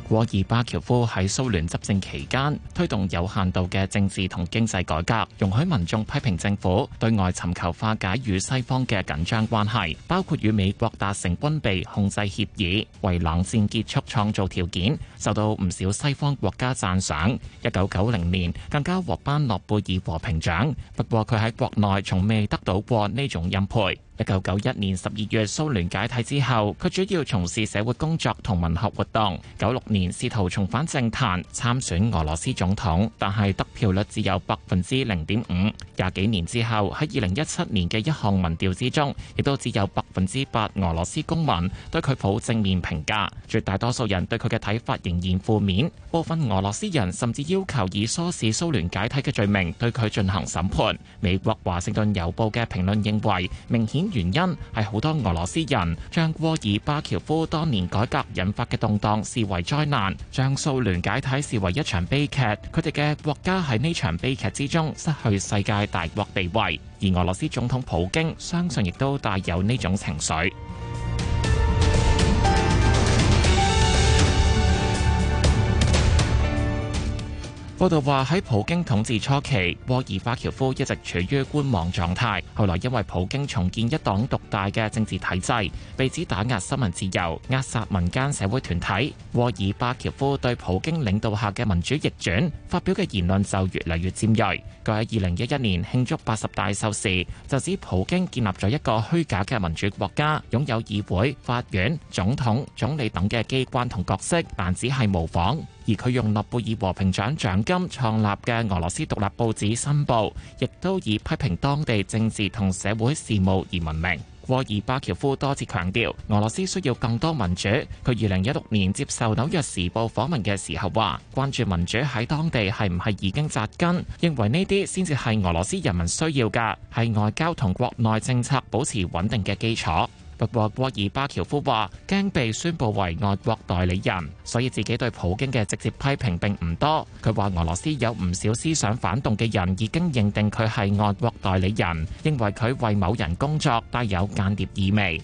戈爾巴喬夫喺蘇聯執政期間，推動有限度嘅政治同經濟改革，容許民眾批評政府，對外尋求化解與西方嘅緊張關係，包括與美國達成軍備控制協議，為冷戰結束創造條件，受到唔少西方國家讚賞。一九九零年更加獲頒諾貝爾和平獎，不過佢喺國內從未得到過呢種欽佩。一九九一年十二月蘇聯解體之後，佢主要從事社會工作同文學活動。九六年試圖重返政壇參選俄羅斯總統，但係得票率只有百分之零點五。廿幾年之後，喺二零一七年嘅一項民調之中，亦都只有百分之八俄羅斯公民對佢抱正面評價，絕大多數人對佢嘅睇法仍然負面。部分俄羅斯人甚至要求以唆使蘇聯解體嘅罪名對佢進行審判。美國華盛頓郵報嘅評論認為明顯。原因係好多俄羅斯人將戈爾巴喬夫當年改革引發嘅動盪視為災難，將蘇聯解體視為一場悲劇。佢哋嘅國家喺呢場悲劇之中失去世界大國地位，而俄羅斯總統普京相信亦都帶有呢種情緒。報道話喺普京統治初期，戈爾巴喬夫一直處於觀望狀態。後來因為普京重建一黨獨大嘅政治體制，被指打壓新聞自由、壓殺民間社會團體，戈爾巴喬夫對普京領導下嘅民主逆轉發表嘅言論就越嚟越尖銳。佢喺二零一一年慶祝八十大壽時，就指普京建立咗一個虛假嘅民主國家，擁有議會、法院、總統、總理等嘅機關同角色，但只係模仿。而佢用諾貝爾和平獎獎金創立嘅俄羅斯獨立報紙《新報》，亦都以批評當地政治同社會事務而聞名。戈爾巴喬夫多次強調，俄羅斯需要更多民主。佢二零一六年接受《紐約時報》訪問嘅時候話，關注民主喺當地係唔係已經扎根，認為呢啲先至係俄羅斯人民需要㗎，係外交同國內政策保持穩定嘅基礎。不過，戈爾巴喬夫話驚被宣佈為外國代理人，所以自己對普京嘅直接批評並唔多。佢話俄羅斯有唔少思想反動嘅人已經認定佢係外國代理人，認為佢為某人工作，帶有間諜意味。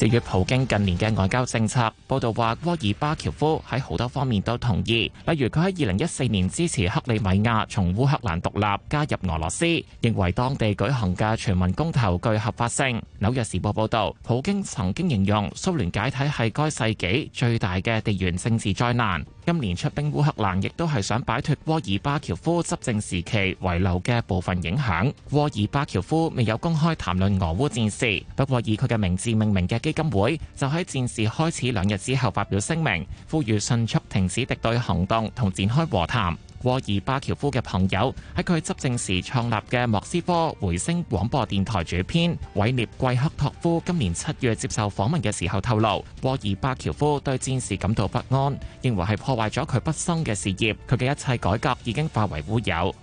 至於普京近年嘅外交政策，報道話，戈爾巴喬夫喺好多方面都同意，例如佢喺二零一四年支持克里米亞從烏克蘭獨立加入俄羅斯，認為當地舉行嘅全民公投具合法性。《紐約時報》報導，普京曾經形容蘇聯解體係該世紀最大嘅地緣政治災難。今年出兵烏克蘭亦都係想擺脫沃爾巴喬夫執政時期遺留嘅部分影響，沃爾巴喬夫未有公開談論俄烏戰事，不過以佢嘅名字命名嘅基金會就喺戰事開始兩日之後發表聲明，呼籲迅速停止敵對行動同展開和談。戈爾巴喬夫嘅朋友喺佢執政時創立嘅莫斯科回聲廣播電台主編韋涅季克托夫今年七月接受訪問嘅時候透露，戈爾巴喬夫對戰事感到不安，認為係破壞咗佢畢生嘅事業，佢嘅一切改革已經化為烏有。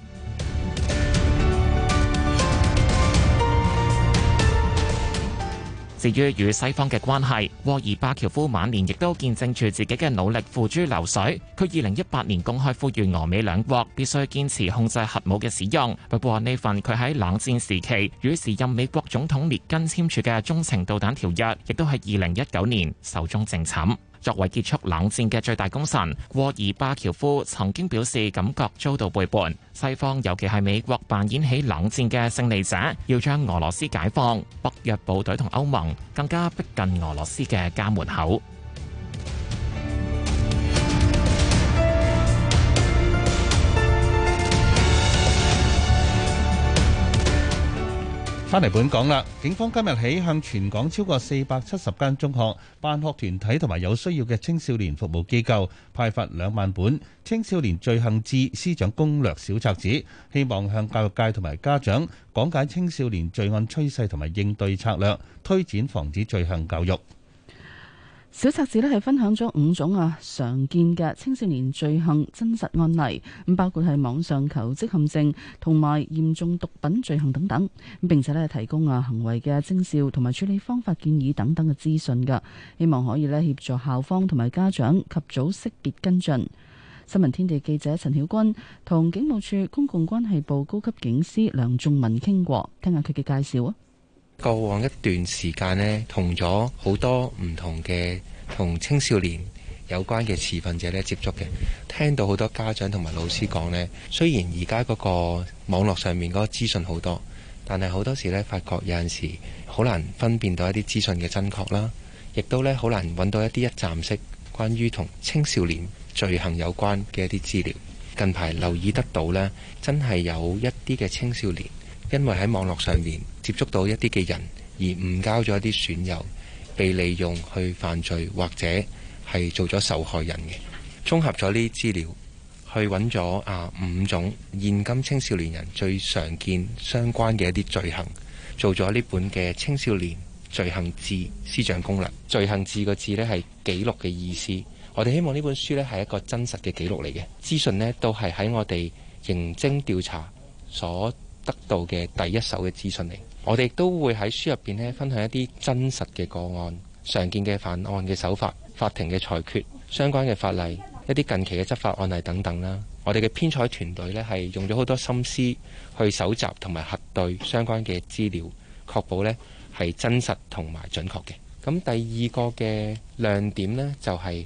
至於與西方嘅關係，戈爾巴喬夫晚年亦都見證住自己嘅努力付諸流水。佢二零一八年公開呼籲俄美兩國必須堅持控制核武嘅使用。不過呢份佢喺冷戰時期與時任美國總統列根簽署嘅中程導彈條約，亦都係二零一九年壽終正寢。作為結束冷戰嘅最大功臣，戈爾巴喬夫曾經表示感覺遭到背叛。西方尤其係美國扮演起冷戰嘅勝利者，要將俄羅斯解放。北約部隊同歐盟更加逼近俄羅斯嘅家門口。翻嚟本港啦，警方今日起向全港超過四百七十間中學、辦學團體同埋有需要嘅青少年服務機構派發兩萬本《青少年罪行之師長攻略小冊子》，希望向教育界同埋家長講解青少年罪案趨勢同埋應對策略，推展防止罪行教育。小冊子咧，係分享咗五種啊常見嘅青少年罪行真實案例，咁包括係網上求職陷阱同埋嚴重毒品罪行等等，咁並且咧，提供啊行為嘅徵兆同埋處理方法建議等等嘅資訊嘅，希望可以咧，協助校方同埋家長及早識別跟進。新聞天地記者陳曉君同警務處公共關係部高級警司梁仲文傾過，聽下佢嘅介紹啊。過往一段時間，呢同咗好多唔同嘅同青少年有關嘅持份者呢接觸嘅，聽到好多家長同埋老師講呢，雖然而家嗰個網絡上面嗰個資訊好多，但係好多時呢發覺有陣時好難分辨到一啲資訊嘅真確啦，亦都呢好難揾到一啲一站式關於同青少年罪行有關嘅一啲資料。近排留意得到呢，真係有一啲嘅青少年。因為喺網絡上面接觸到一啲嘅人，而誤交咗一啲損友，被利用去犯罪，或者係做咗受害人嘅。綜合咗呢啲資料，去揾咗啊五種現今青少年人最常見相關嘅一啲罪行，做咗呢本嘅《青少年罪行志》思想功能罪行志個字呢係記錄嘅意思。我哋希望呢本書呢係一個真實嘅記錄嚟嘅，資訊呢都係喺我哋刑偵調查所。得到嘅第一手嘅資訊嚟，我哋都會喺書入邊呢分享一啲真實嘅個案、常見嘅犯案嘅手法、法庭嘅裁決、相關嘅法例、一啲近期嘅執法案例等等啦。我哋嘅編採團隊呢係用咗好多心思去搜集同埋核對相關嘅資料，確保呢係真實同埋準確嘅。咁第二個嘅亮點呢，就係、是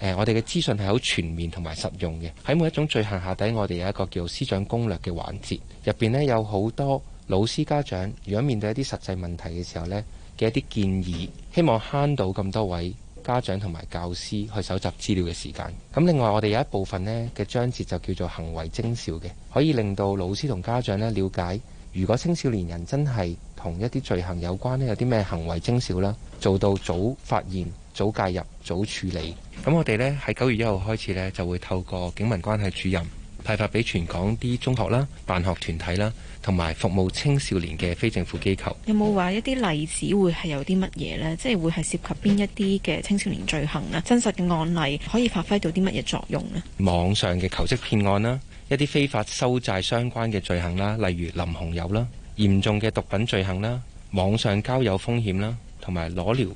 呃、我哋嘅資訊係好全面同埋實用嘅。喺每一種罪行下底，我哋有一個叫司長攻略嘅環節。入面呢，有好多老師家長如果面對一啲實際問題嘅時候呢嘅一啲建議，希望慳到咁多位家長同埋教師去搜集資料嘅時間。咁另外我哋有一部分呢嘅章節就叫做行為徵兆嘅，可以令到老師同家長呢了解，如果青少年人真係同一啲罪行有關呢，有啲咩行為徵兆啦，做到早發現、早介入、早處理。咁我哋呢喺九月一號開始呢，就會透過警民關係主任。派發俾全港啲中學啦、辦學團體啦，同埋服務青少年嘅非政府機構。有冇話一啲例子會係有啲乜嘢呢？即係會係涉及邊一啲嘅青少年罪行啊？真實嘅案例可以發揮到啲乜嘢作用呢？網上嘅求職騙案啦，一啲非法收債相關嘅罪行啦，例如淋紅油啦，嚴重嘅毒品罪行啦，網上交友風險啦，同埋裸聊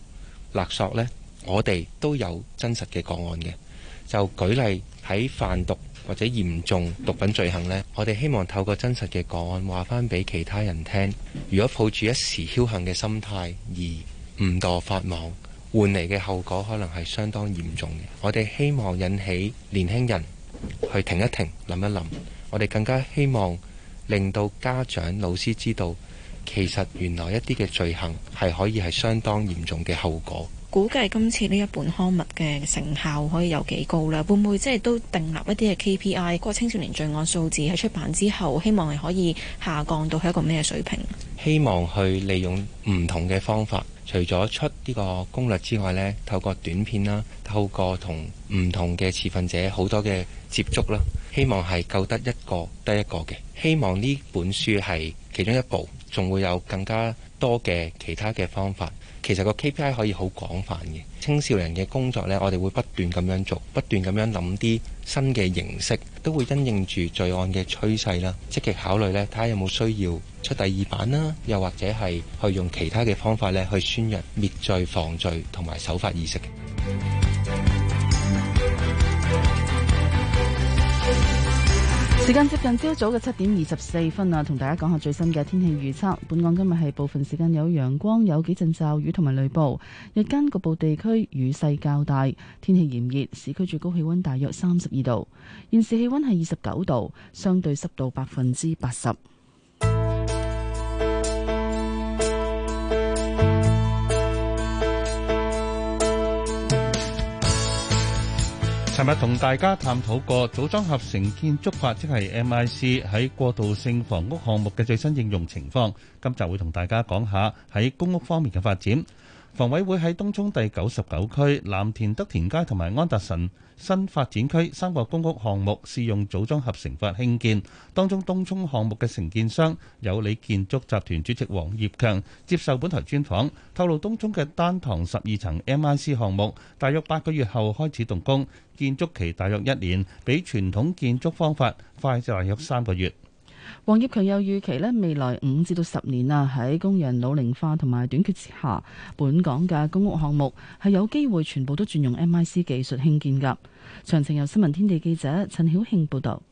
勒索呢。我哋都有真實嘅個案嘅。就舉例喺販毒。或者嚴重毒品罪行呢，我哋希望透過真實嘅個案話返俾其他人聽。如果抱住一時僥倖嘅心態而誤墮法網，換嚟嘅後果可能係相當嚴重嘅。我哋希望引起年輕人去停一停、諗一諗。我哋更加希望令到家長、老師知道，其實原來一啲嘅罪行係可以係相當嚴重嘅後果。估計今次呢一本刊物嘅成效可以有幾高啦？會唔會即係都訂立一啲嘅 KPI？嗰個青少年罪案數字喺出版之後，希望係可以下降到係一個咩水平？希望去利用唔同嘅方法，除咗出呢個攻略之外呢，透過短片啦，透過同唔同嘅持份者好多嘅接觸啦，希望係夠得一個得一個嘅。希望呢本書係其中一部，仲會有更加多嘅其他嘅方法。其實個 KPI 可以好廣泛嘅，青少年嘅工作呢，我哋會不斷咁樣做，不斷咁樣諗啲新嘅形式，都會因應住罪案嘅趨勢啦，積極考慮呢，睇下有冇需要出第二版啦，又或者係去用其他嘅方法呢，去宣揚滅罪防罪同埋守法意識。時間接近朝早嘅七點二十四分啊，同大家講下最新嘅天氣預測。本港今日係部分時間有陽光，有幾陣驟雨同埋雷暴。日間局部地區雨勢較大，天氣炎熱，市區最高氣溫大約三十二度。現時氣溫係二十九度，相對濕度百分之八十。尋日同大家探討過組裝合成建築法，即係 MIC 喺過渡性房屋項目嘅最新應用情況。今集會同大家講下喺公屋方面嘅發展。房委會喺東涌第九十九區藍田德田街同埋安達臣新發展區三個公屋項目試用組裝合成法興建，當中東涌項目嘅承建商有利建築集團主席黃業強接受本台專訪，透露東涌嘅單堂十二層 MiC 項目大約八個月後開始動工，建築期大約一年，比傳統建築方法快咗大約三個月。王業強又預期咧，未來五至到十年啊，喺工人老齡化同埋短缺之下，本港嘅公屋項目係有機會全部都轉用 MIC 技術興建噶。詳情由新聞天地記者陳曉慶報道。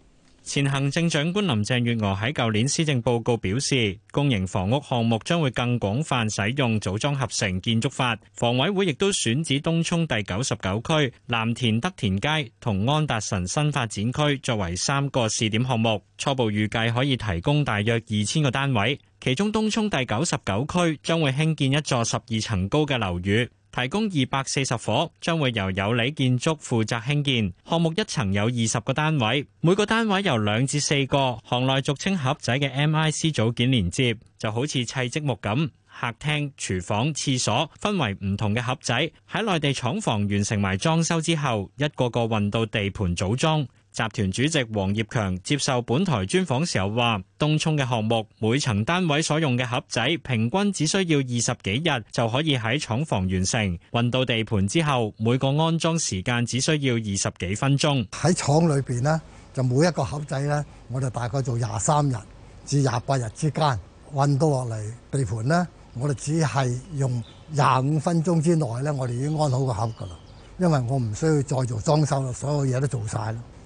前行政長官林鄭月娥喺舊年施政報告表示，公營房屋項目將會更廣泛使用組裝合成建築法。房委會亦都選址東涌第九十九區、藍田德田街同安達臣新發展區作為三個試點項目，初步預計可以提供大約二千個單位，其中東涌第九十九區將會興建一座十二層高嘅樓宇。提供二百四十伙，將會由有理建築負責興建。項目一層有二十個單位，每個單位由兩至四個行內俗稱盒仔嘅 MIC 組件連接，就好似砌積木咁。客廳、廚房、廁所分為唔同嘅盒仔，喺內地廠房完成埋裝修之後，一個個運到地盤組裝。集團主席黃業強接受本台專訪時候話，東涌嘅項目每層單位所用嘅盒仔平均只需要二十幾日就可以喺廠房完成，運到地盤之後，每個安裝時間只需要二十幾分鐘。喺廠裏邊呢，就每一個盒仔呢，我哋大概做廿三日至廿八日之間，運到落嚟地盤呢，我哋只係用廿五分鐘之內呢，我哋已經安好個盒噶啦，因為我唔需要再做裝修喇，所有嘢都做晒喇。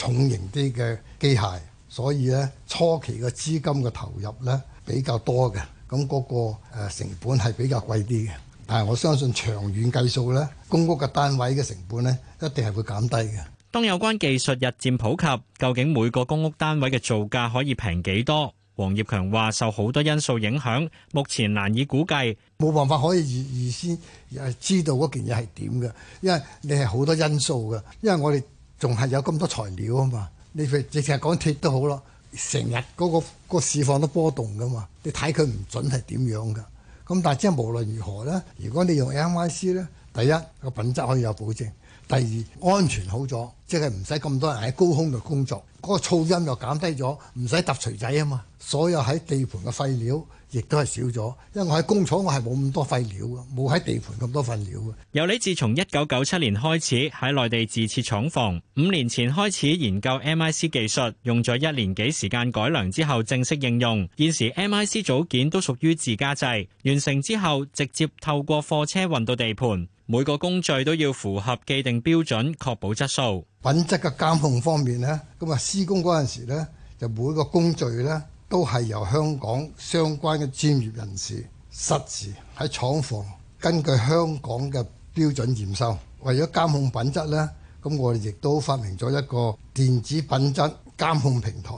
重型啲嘅機械，所以咧初期嘅資金嘅投入咧比較多嘅，咁嗰個誒成本係比較貴啲嘅。但係我相信長遠計數咧，公屋嘅單位嘅成本咧一定係會減低嘅。當有關技術日漸普及，究竟每個公屋單位嘅造價可以平幾多？黃業強話：受好多因素影響，目前難以估計，冇辦法可以預預先誒知道嗰件嘢係點嘅，因為你係好多因素嘅，因為我哋。仲係有咁多材料啊嘛！你譬直情係講鐵都好咯，成日嗰個、嗰個市況都波動噶嘛，你睇佢唔準係點樣噶？咁但係即係無論如何咧，如果你用 MiC 咧，第一個品質可以有保證，第二安全好咗，即係唔使咁多人喺高空度工作，嗰、嗰個噪音又減低咗，唔使揼錘仔啊嘛，所有喺地盤嘅廢料，亦都係少咗，因為我喺工廠，我係冇咁多廢料嘅，冇喺地盤咁多廢料嘅。由李自從1997年開始喺內地自設廠房，五年前開始研究 MIC 技術，用咗一年幾時間改良之後正式應用。現時 MIC 組件都屬於自家製，完成之後直接透過貨車運到地盤。每個工序都要符合既定標準，確保質素。品質嘅監控方面咧，咁啊施工嗰陣時咧，就每個工序咧。都係由香港相關嘅專業人士實時喺廠房根據香港嘅標準驗收。為咗監控品質呢，咁我哋亦都發明咗一個電子品質監控平台，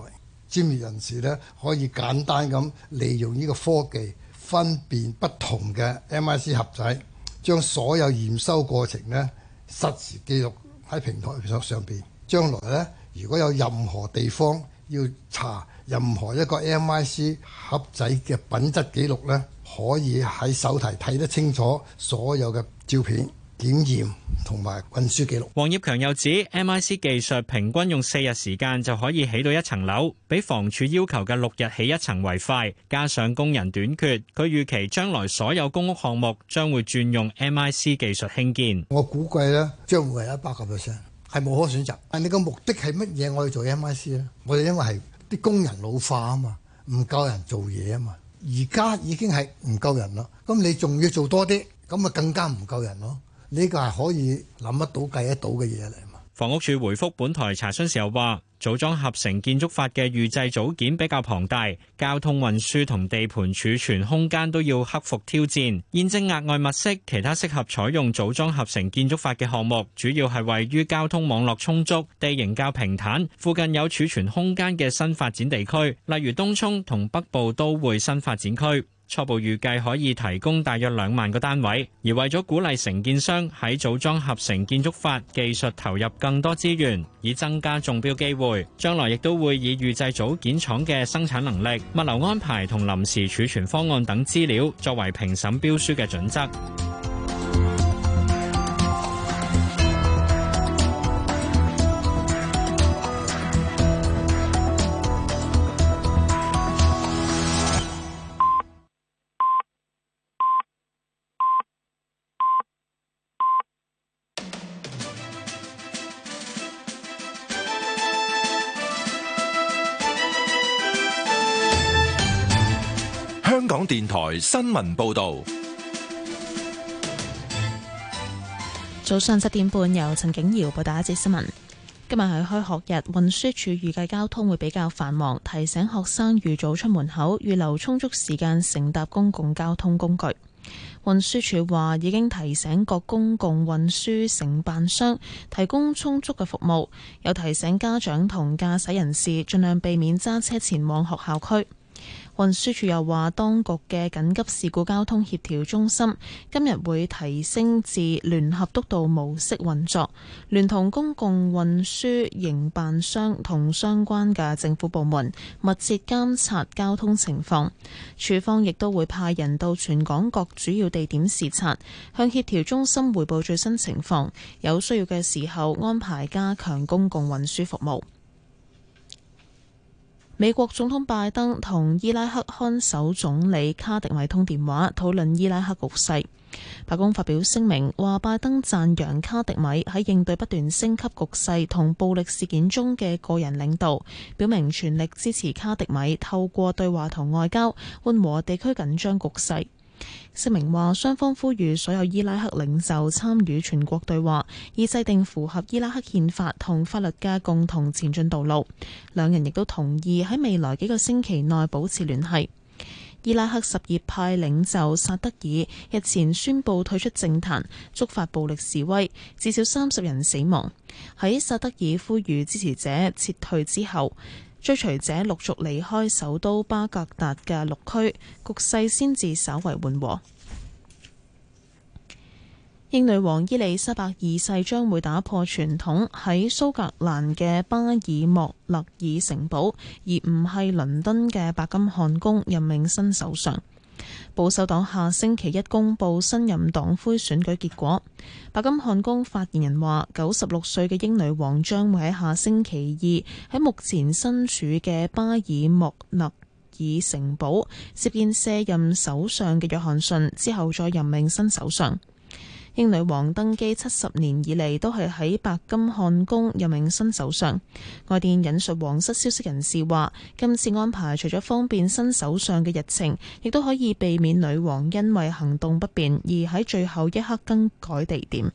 專業人士呢，可以簡單咁利用呢個科技分辨不同嘅 MIC 盒仔，將所有驗收過程呢，實時記錄喺平台上上邊。將來呢，如果有任何地方要查，任何一個 MIC 盒仔嘅品質記錄咧，可以喺手提睇得清楚所有嘅照片、檢驗同埋運輸記錄。黃業強又指，MIC 技術平均用四日時間就可以起到一層樓，比房署要求嘅六日起一層為快。加上工人短缺，佢預期將來所有公屋項目將會轉用 MIC 技術興建。我估計咧，將會係一百個 percent，係冇可選擇。但你個目的係乜嘢？我要做 MIC 咧，我哋因為係。啲工人老化啊嘛，唔夠人做嘢啊嘛，而家已經係唔夠人咯，咁你仲要做多啲，咁咪更加唔夠人咯，呢個係可以諗得到，計得到嘅嘢嚟。房屋署回覆本台查詢時候話：組裝合成建築法嘅預製組件比較龐大，交通運輸同地盤儲存空間都要克服挑戰。現正額外物色其他適合採用組裝合成建築法嘅項目，主要係位於交通網絡充足、地形較平坦、附近有儲存空間嘅新發展地區，例如東涌同北部都會新發展區。初步預計可以提供大約兩萬個單位，而為咗鼓勵承建商喺組裝合成建築法技術投入更多資源，以增加中標機會，將來亦都會以預製組件廠嘅生產能力、物流安排同臨時儲存方案等資料作為評審標書嘅準則。電台新聞報道：早上七點半，由陳景瑤報道一節新聞。今日係開學日，運輸署預計交通會比較繁忙，提醒學生預早出門口，預留充足時間乘搭公共交通工具。運輸署話已經提醒各公共運輸承辦商提供充足嘅服務，又提醒家長同駕駛人士盡量避免揸車前往學校區。運輸署又話，當局嘅緊急事故交通協調中心今日會提升至聯合督導模式運作，聯同公共運輸營辦商同相關嘅政府部門密切監察交通情況。處方亦都會派人到全港各主要地點視察，向協調中心匯報最新情況，有需要嘅時候安排加強公共運輸服務。美國總統拜登同伊拉克看守總理卡迪米通電話，討論伊拉克局勢。白宮發表聲明話，拜登讚揚卡迪米喺應對不斷升級局勢同暴力事件中嘅個人領導，表明全力支持卡迪米透過對話同外交緩和地區緊張局勢。聲明話，雙方呼籲所有伊拉克領袖參與全國對話，以制定符合伊拉克憲法同法律嘅共同前進道路。兩人亦都同意喺未來幾個星期內保持聯繫。伊拉克什葉派領袖薩德爾日前宣布退出政壇，觸發暴力示威，至少三十人死亡。喺薩德爾呼籲支持者撤退之後。追隨者陸續離開首都巴格達嘅綠區，局勢先至稍為緩和。英女王伊莉莎白二世將會打破傳統，喺蘇格蘭嘅巴爾莫勒爾城堡，而唔係倫敦嘅白金漢宮任命新首相。保守黨下星期一公布新任黨魁選舉結果。白金漢宮發言人話，九十六歲嘅英女王將會喺下星期二喺目前身處嘅巴爾莫勒爾城堡接見卸任首相嘅約翰遜，之後再任命新首相。英女王登基七十年以嚟，都係喺白金漢宮任命新首相。外電引述皇室消息人士話，今次安排除咗方便新首相嘅日程，亦都可以避免女王因為行動不便而喺最後一刻更改地點。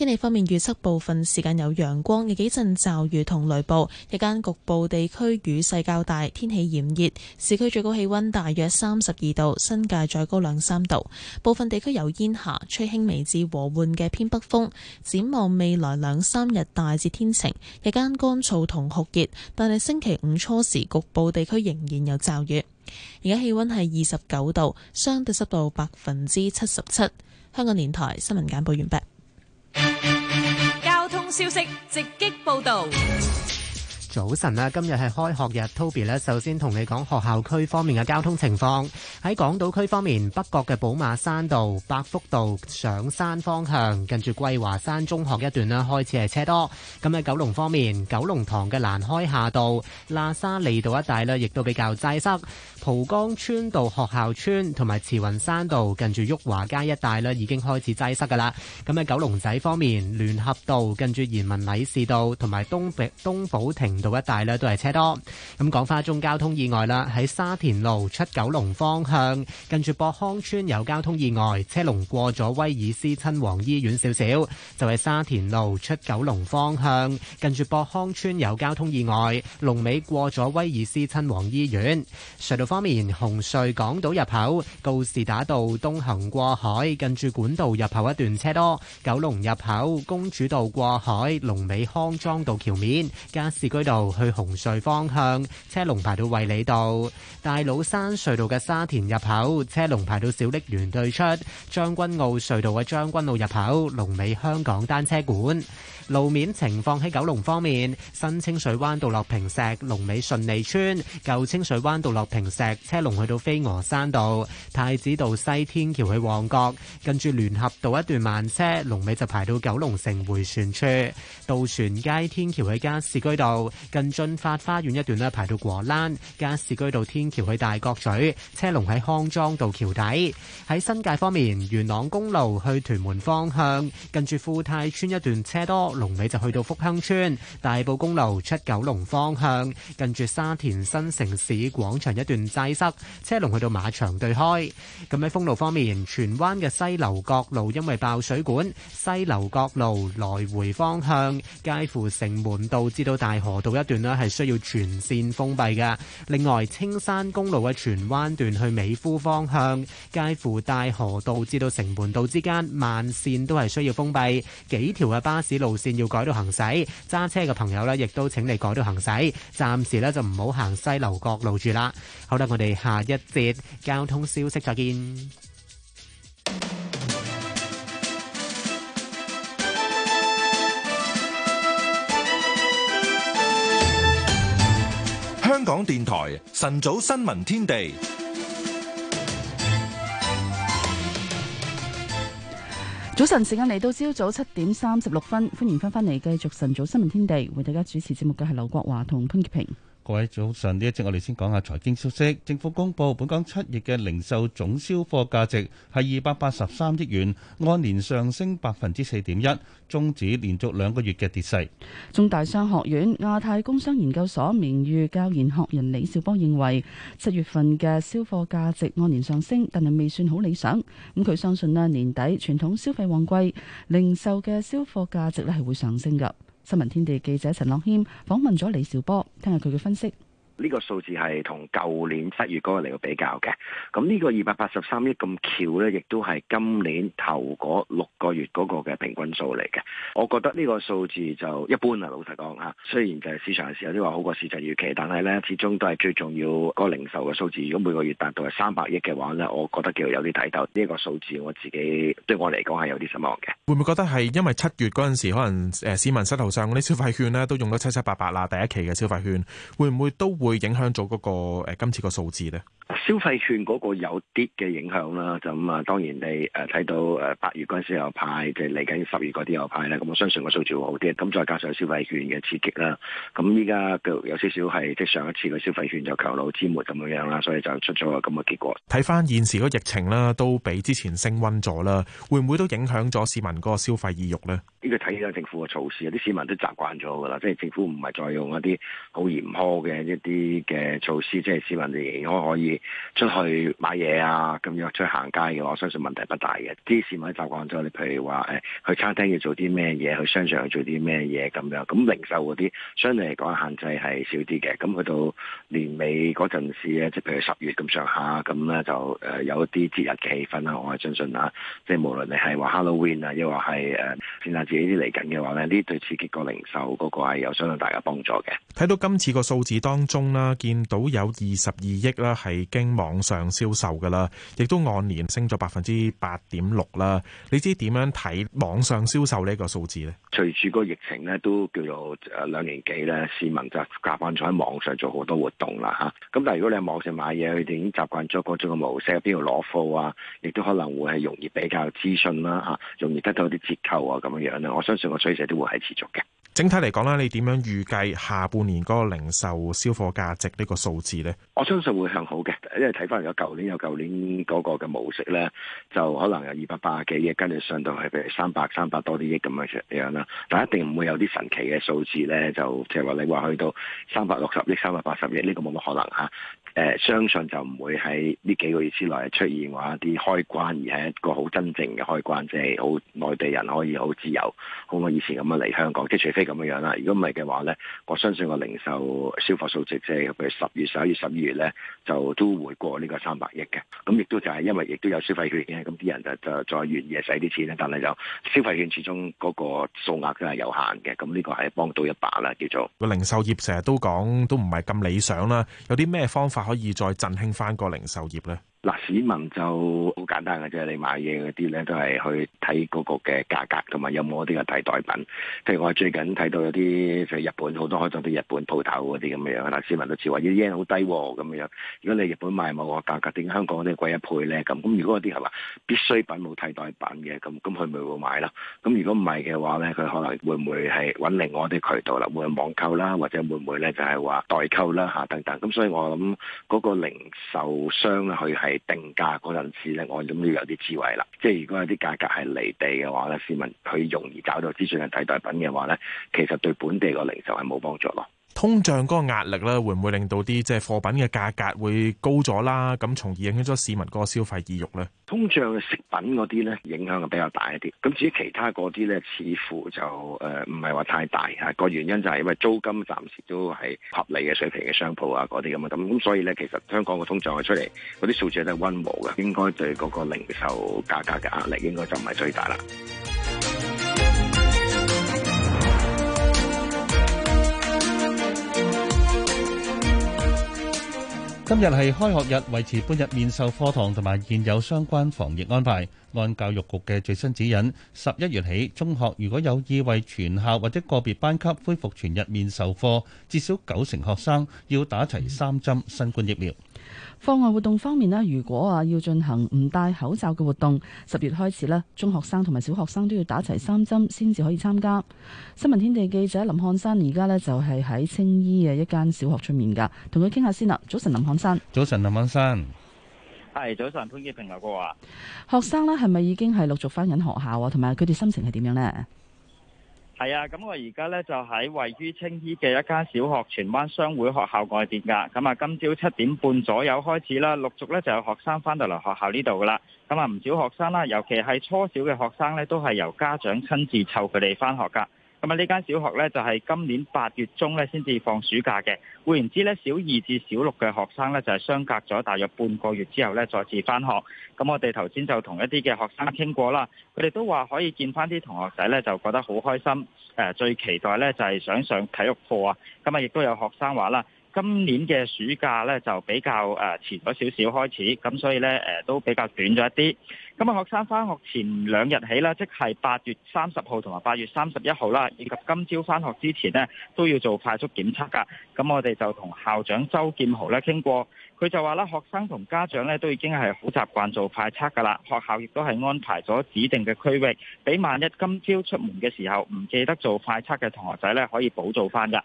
天氣方面，預測部分時間有陽光，有幾陣驟雨同雷暴，日間局部地區雨勢較大。天氣炎熱，市區最高氣溫大約三十二度，新界再高兩三度。部分地區有煙霞，吹輕微至和緩嘅偏北風。展望未來兩三日，大致天晴，日間乾燥同酷熱，但係星期五初時局部地區仍然有驟雨。而家氣溫係二十九度，相對濕度百分之七十七。香港電台新聞簡報完畢。交通消息直擊報道。早晨啦，今日係開學日，Toby 咧首先同你講學校區方面嘅交通情況。喺港島區方面，北角嘅寶馬山道、百福道上山方向，近住桂華山中學一段咧開始係車多。咁喺九龍方面，九龍塘嘅蘭開夏道、喇沙利道一帶呢，亦都比較擠塞。蒲崗村道學校村同埋慈雲山道，近住毓華街一帶呢，已經開始擠塞噶啦。咁喺九龍仔方面，聯合道近住延文禮士道同埋東北東寶亭道一帶咧都係車多，咁、嗯、講花中交通意外啦，喺沙田路出九龍方向，近住博康邨有交通意外，車龍過咗威爾斯親王醫院少少，就喺沙田路出九龍方向，近住博康邨有交通意外，龍尾過咗威爾斯親王醫院。隧道方面，紅隧港島入口告士打道東行過海，近住管道入口一段車多，九龍入口公主道過海，龍尾康莊道橋面加士居道去紅隧方向，車龍排到衛理道；大老山隧道嘅沙田入口，車龍排到小瀝源對出；將軍澳隧道嘅將軍澳入口，龍尾香港單車館。路面情況喺九龍方面，新清水灣道落坪石，龍尾順利村；舊清水灣道落坪石，車龍去到飛鵝山道；太子道西天橋去旺角，跟住聯合道一段慢車，龍尾就排到九龍城迴旋處；渡船街天橋去加士居道，近駿發花園一段呢排到果欄；加士居道天橋去大角咀，車龍喺康莊道橋底。喺新界方面，元朗公路去屯門方向，跟住富泰村一段車多。龍尾就去到福亨村。大埔公路出九龍方向，近住沙田新城市廣場一段擠塞，車龍去到馬場對開。咁喺封路方面，荃灣嘅西樓角路因為爆水管，西樓角路來回方向介乎城門道至到大河道一段咧，係需要全綫封閉嘅。另外，青山公路嘅荃灣段去美孚方向介乎大河道至到城門道之間，慢綫都係需要封閉，幾條嘅巴士路綫要改到行駛，揸車嘅朋友呢，亦都請你改到行駛，暫時呢就唔好行西樓角路住啦。好啦，我哋下一節交通消息再見。香港電台晨早新聞天地。早晨時間嚟到，朝早七點三十六分，歡迎翻返嚟，繼續晨早新聞天地，為大家主持節目嘅係劉國華同潘潔平。各位早晨，呢一節我哋先講下財經消息。政府公布本港七月嘅零售總銷貨價值係二百八十三億元，按年上升百分之四點一，終止連續兩個月嘅跌勢。中大商學院亞太工商研究所名譽教研學人李兆波認為，七月份嘅銷貨價值按年上升，但係未算好理想。咁佢相信呢年底傳統消費旺季，零售嘅銷貨價值呢，係會上升噶。新聞天地記者陳樂謙訪問咗李兆波，聽下佢嘅分析。呢個數字係同舊年七月嗰個嚟個比較嘅，咁呢個二百八十三億咁翹咧，亦都係今年頭嗰六個月嗰個嘅平均數嚟嘅。我覺得呢個數字就一般啊，老實講嚇。雖然就係市場嘅時候都話好過市場預期，但係咧，始終都係最重要個零售嘅數字。如果每個月達到係三百億嘅話咧，我覺得叫有啲睇頭。呢一個數字我自己對我嚟講係有啲失望嘅。會唔會覺得係因為七月嗰陣時，可能誒市民膝頭上嗰啲消費券咧都用咗七七八八啦？第一期嘅消費券會唔會都會？會影響咗嗰、這個誒、呃、今次個數字咧？消費券嗰個有啲嘅影響啦，咁啊，當然你誒睇到誒八月嗰時候有派，即係嚟緊十月嗰啲有派咧，咁我相信個數字會好啲。咁再加上消費券嘅刺激啦，咁依家就有少少係即係上一次嘅消費券就強弩之末咁樣樣啦，所以就出咗個咁嘅結果。睇翻現時嗰個疫情啦，都比之前升温咗啦，會唔會都影響咗市民嗰個消費意欲咧？呢個睇依家政府嘅措施，啲市民都習慣咗噶啦，即係政府唔係再用一啲好嚴苛嘅一啲。啲嘅措施，即係市民仍然可可以出去買嘢啊，咁樣出去行街嘅，我相信問題不大嘅。啲市民習慣咗，你譬如話誒去餐廳要做啲咩嘢，去商場去做啲咩嘢咁樣。咁零售嗰啲相對嚟講限制係少啲嘅。咁去到年尾嗰陣時咧，即譬如十月咁上下咁咧，就誒有一啲節日嘅氣氛啦。我係相信啦，即係無論你係話 Halloween 啊，亦或係誒聖誕節呢啲嚟緊嘅話咧，呢對刺激個零售嗰個係有相當大嘅幫助嘅。睇到今次個數字當中。啦，見到有二十二億啦，係經網上銷售噶啦，亦都按年升咗百分之八點六啦。你知點樣睇網上銷售呢個數字呢？隨住個疫情呢，都叫做兩年幾咧，市民就習慣咗喺網上做好多活動啦嚇。咁但係如果你喺網上買嘢，佢哋已經習慣咗嗰種嘅模式，邊度攞貨啊，亦都可能會係容易比較資訊啦嚇，容易得到啲折扣啊咁樣樣咧。我相信個趨勢都會係持續嘅。整體嚟講啦，你點樣預計下半年嗰個零售銷貨價值呢個數字咧？我相信會向好嘅，因為睇翻嚟，有舊年有舊年嗰個嘅模式咧，就可能有二百八十幾億，跟住上到係譬如三百三百多啲億咁樣樣啦。但係一定唔會有啲神奇嘅數字咧，就即係話你話去到三百六十億、三百八十億呢個冇乜可能吓。誒，相信就唔會喺呢幾個月之內出現話一啲開關，而係一個好真正嘅開關，即係好內地人可以好自由，好我以前咁樣嚟香港。即係除非咁嘅樣啦，如果唔係嘅話咧，我相信個零售消費數值，即係譬如十月、十一月、十二月咧，就都會過呢個三百億嘅。咁亦都就係因為亦都有消費券嘅，咁啲人就就再願意使啲錢啦。但係就消費券始終嗰個數額都係有限嘅。咁、這、呢個係幫到一把啦，叫做個零售業成日都講都唔係咁理想啦。有啲咩方法？可以再振興翻個零售業咧。嗱，市民就好簡單嘅啫，你買嘢嗰啲咧都係去睇嗰個嘅價格，同埋有冇一啲嘅替代品。譬如我最近睇到有啲譬如日本好多開咗啲日本鋪頭嗰啲咁嘅樣，嗱，市民都似話啲煙好低喎、哦，咁樣。如果你日本買某個價格，點解香港嗰啲貴一倍咧？咁咁如果嗰啲係話必需品冇替代品嘅，咁咁佢咪會買囉。咁如果唔係嘅話咧，佢可能會唔會係揾另外一啲渠道啦？會網購啦，或者會唔會咧就係話代購啦嚇等等。咁所以我諗嗰個零售商佢係。定價嗰陣時咧，我諗都有啲智慧啦。即係如果有啲價格係離地嘅話咧，市民佢容易找到資訊嘅替代品嘅話咧，其實對本地個零售係冇幫助咯。通脹嗰個壓力咧，會唔會令到啲即係貨品嘅價格會高咗啦？咁從而影響咗市民嗰個消費意欲咧？通脹嘅食品嗰啲咧影響就比較大一啲，咁至於其他嗰啲咧，似乎就誒唔係話太大吓。個原因就係因為租金暫時都係合理嘅水平嘅商鋪啊，嗰啲咁啊咁。咁所以咧，其實香港嘅通脹出嚟嗰啲數字都係溫和嘅，應該對嗰個零售價格嘅壓力應該就唔係最大啦。今日係開學日，維持半日面授課堂同埋現有相關防疫安排。按教育局嘅最新指引，十一月起，中學如果有意為全校或者個別班級恢復全日面授課，至少九成學生要打齊三針新冠疫苗。課外活動方面咧，如果啊要進行唔戴口罩嘅活動，十月開始咧，中學生同埋小學生都要打齊三針先至可以參加。新聞天地記者林漢山而家咧就係喺青衣嘅一間小學出面噶，同佢傾下先啦。早晨,早晨，林漢山。Hi, 早晨，林漢山。係早晨，潘潔平牛哥啊。學生呢係咪已經係陸續翻緊學校啊？同埋佢哋心情係點樣呢？係啊，咁我而家咧就喺位於青衣嘅一間小學——荃灣商會學校外邊噶。咁啊，今朝七點半左右開始啦，陸續咧就有學生翻到嚟學校呢度噶啦。咁啊，唔少學生啦，尤其係初小嘅學生咧，都係由家長親自湊佢哋翻學噶。咁啊，呢間小學咧就係、是、今年八月中咧先至放暑假嘅，換言之，咧小二至小六嘅學生咧就係、是、相隔咗大約半個月之後咧再次翻學。咁我哋頭先就同一啲嘅學生傾過啦，佢哋都話可以見翻啲同學仔咧就覺得好開心，誒、呃、最期待咧就係、是、想上體育課啊！咁啊，亦都有學生話啦。今年嘅暑假咧就比較誒遲咗少少開始，咁所以咧誒都比較短咗一啲。咁啊，學生返學前兩日起咧，即係八月三十號同埋八月三十一號啦，以及今朝返學之前呢，都要做快速檢測噶。咁我哋就同校長周建豪咧傾過，佢就話啦，學生同家長咧都已經係好習慣做快測噶啦，學校亦都係安排咗指定嘅區域，俾萬一今朝出門嘅時候唔記得做快測嘅同學仔咧，可以補做返噶。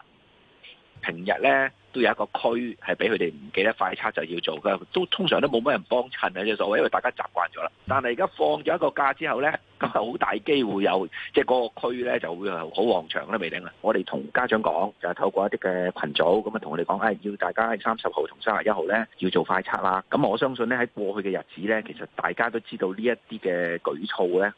平日咧都有一個區係俾佢哋唔記得快測就要做嘅，都通常都冇乜人幫襯啊，即所謂，因為大家習慣咗啦。但係而家放咗一個假之後咧，咁係好大機會有，即係嗰個區咧就會好旺場都未定啊！我哋同家長講就係透過一啲嘅群組咁啊，同佢哋講，唉、哎，要大家喺三十號同三十一號咧要做快測啦。咁我相信咧喺過去嘅日子咧，其實大家都知道呢一啲嘅舉措咧。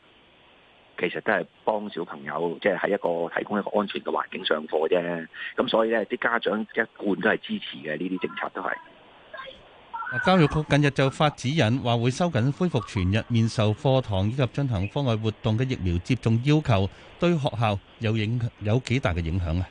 其實都係幫小朋友，即係喺一個提供一個安全嘅環境上課啫。咁所以咧，啲家長一貫都係支持嘅呢啲政策，都係。教育局近日就發指引，話會收緊恢復全日面授課堂以及進行課外活動嘅疫苗接種要求，對學校有影有幾大嘅影響啊？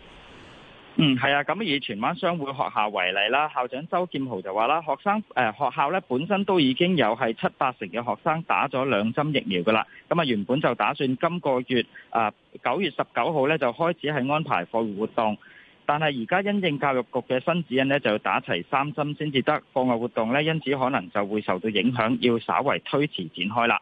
嗯，係啊，咁以荃灣商會學校為例啦，校長周劍豪就話啦，學生誒、呃、學校咧本身都已經有係七八成嘅學生打咗兩針疫苗噶啦，咁啊原本就打算今個月啊、呃、九月十九號咧就開始係安排課外活動，但係而家因應教育局嘅新指引呢，就要打齊三針先至得課外活動呢，因此可能就會受到影響，要稍為推遲展開啦。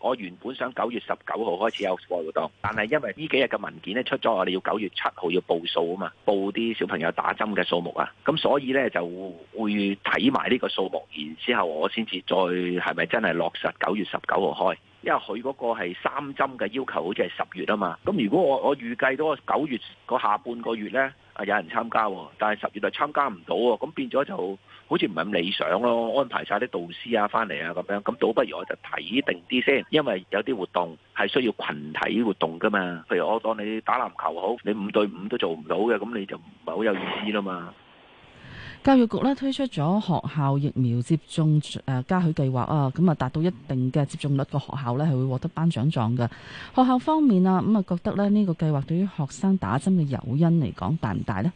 我原本想九月十九號開始有活動，但係因為呢幾日嘅文件咧出咗，我哋要九月七號要報數啊嘛，報啲小朋友打針嘅數目啊，咁所以咧就會睇埋呢個數目，然之後我先至再係咪真係落實九月十九號開。因為佢嗰個係三針嘅要求，好似係十月啊嘛。咁如果我我預計到九月下半個月呢，啊有人參加，但係十月就參加唔到喎。咁變咗就好似唔係咁理想咯。安排晒啲導師啊翻嚟啊咁樣，咁倒不如我就睇定啲先，因為有啲活動係需要群體活動噶嘛。譬如我當你打籃球好，你五對五都做唔到嘅，咁你就唔係好有意思啦嘛。教育局呢推出咗學校疫苗接種誒加許計劃啊，咁啊達到一定嘅接種率個學校呢係會獲得頒獎狀嘅。學校方面啊，咁啊覺得呢呢個計劃對於學生打針嘅誘因嚟講大唔大呢？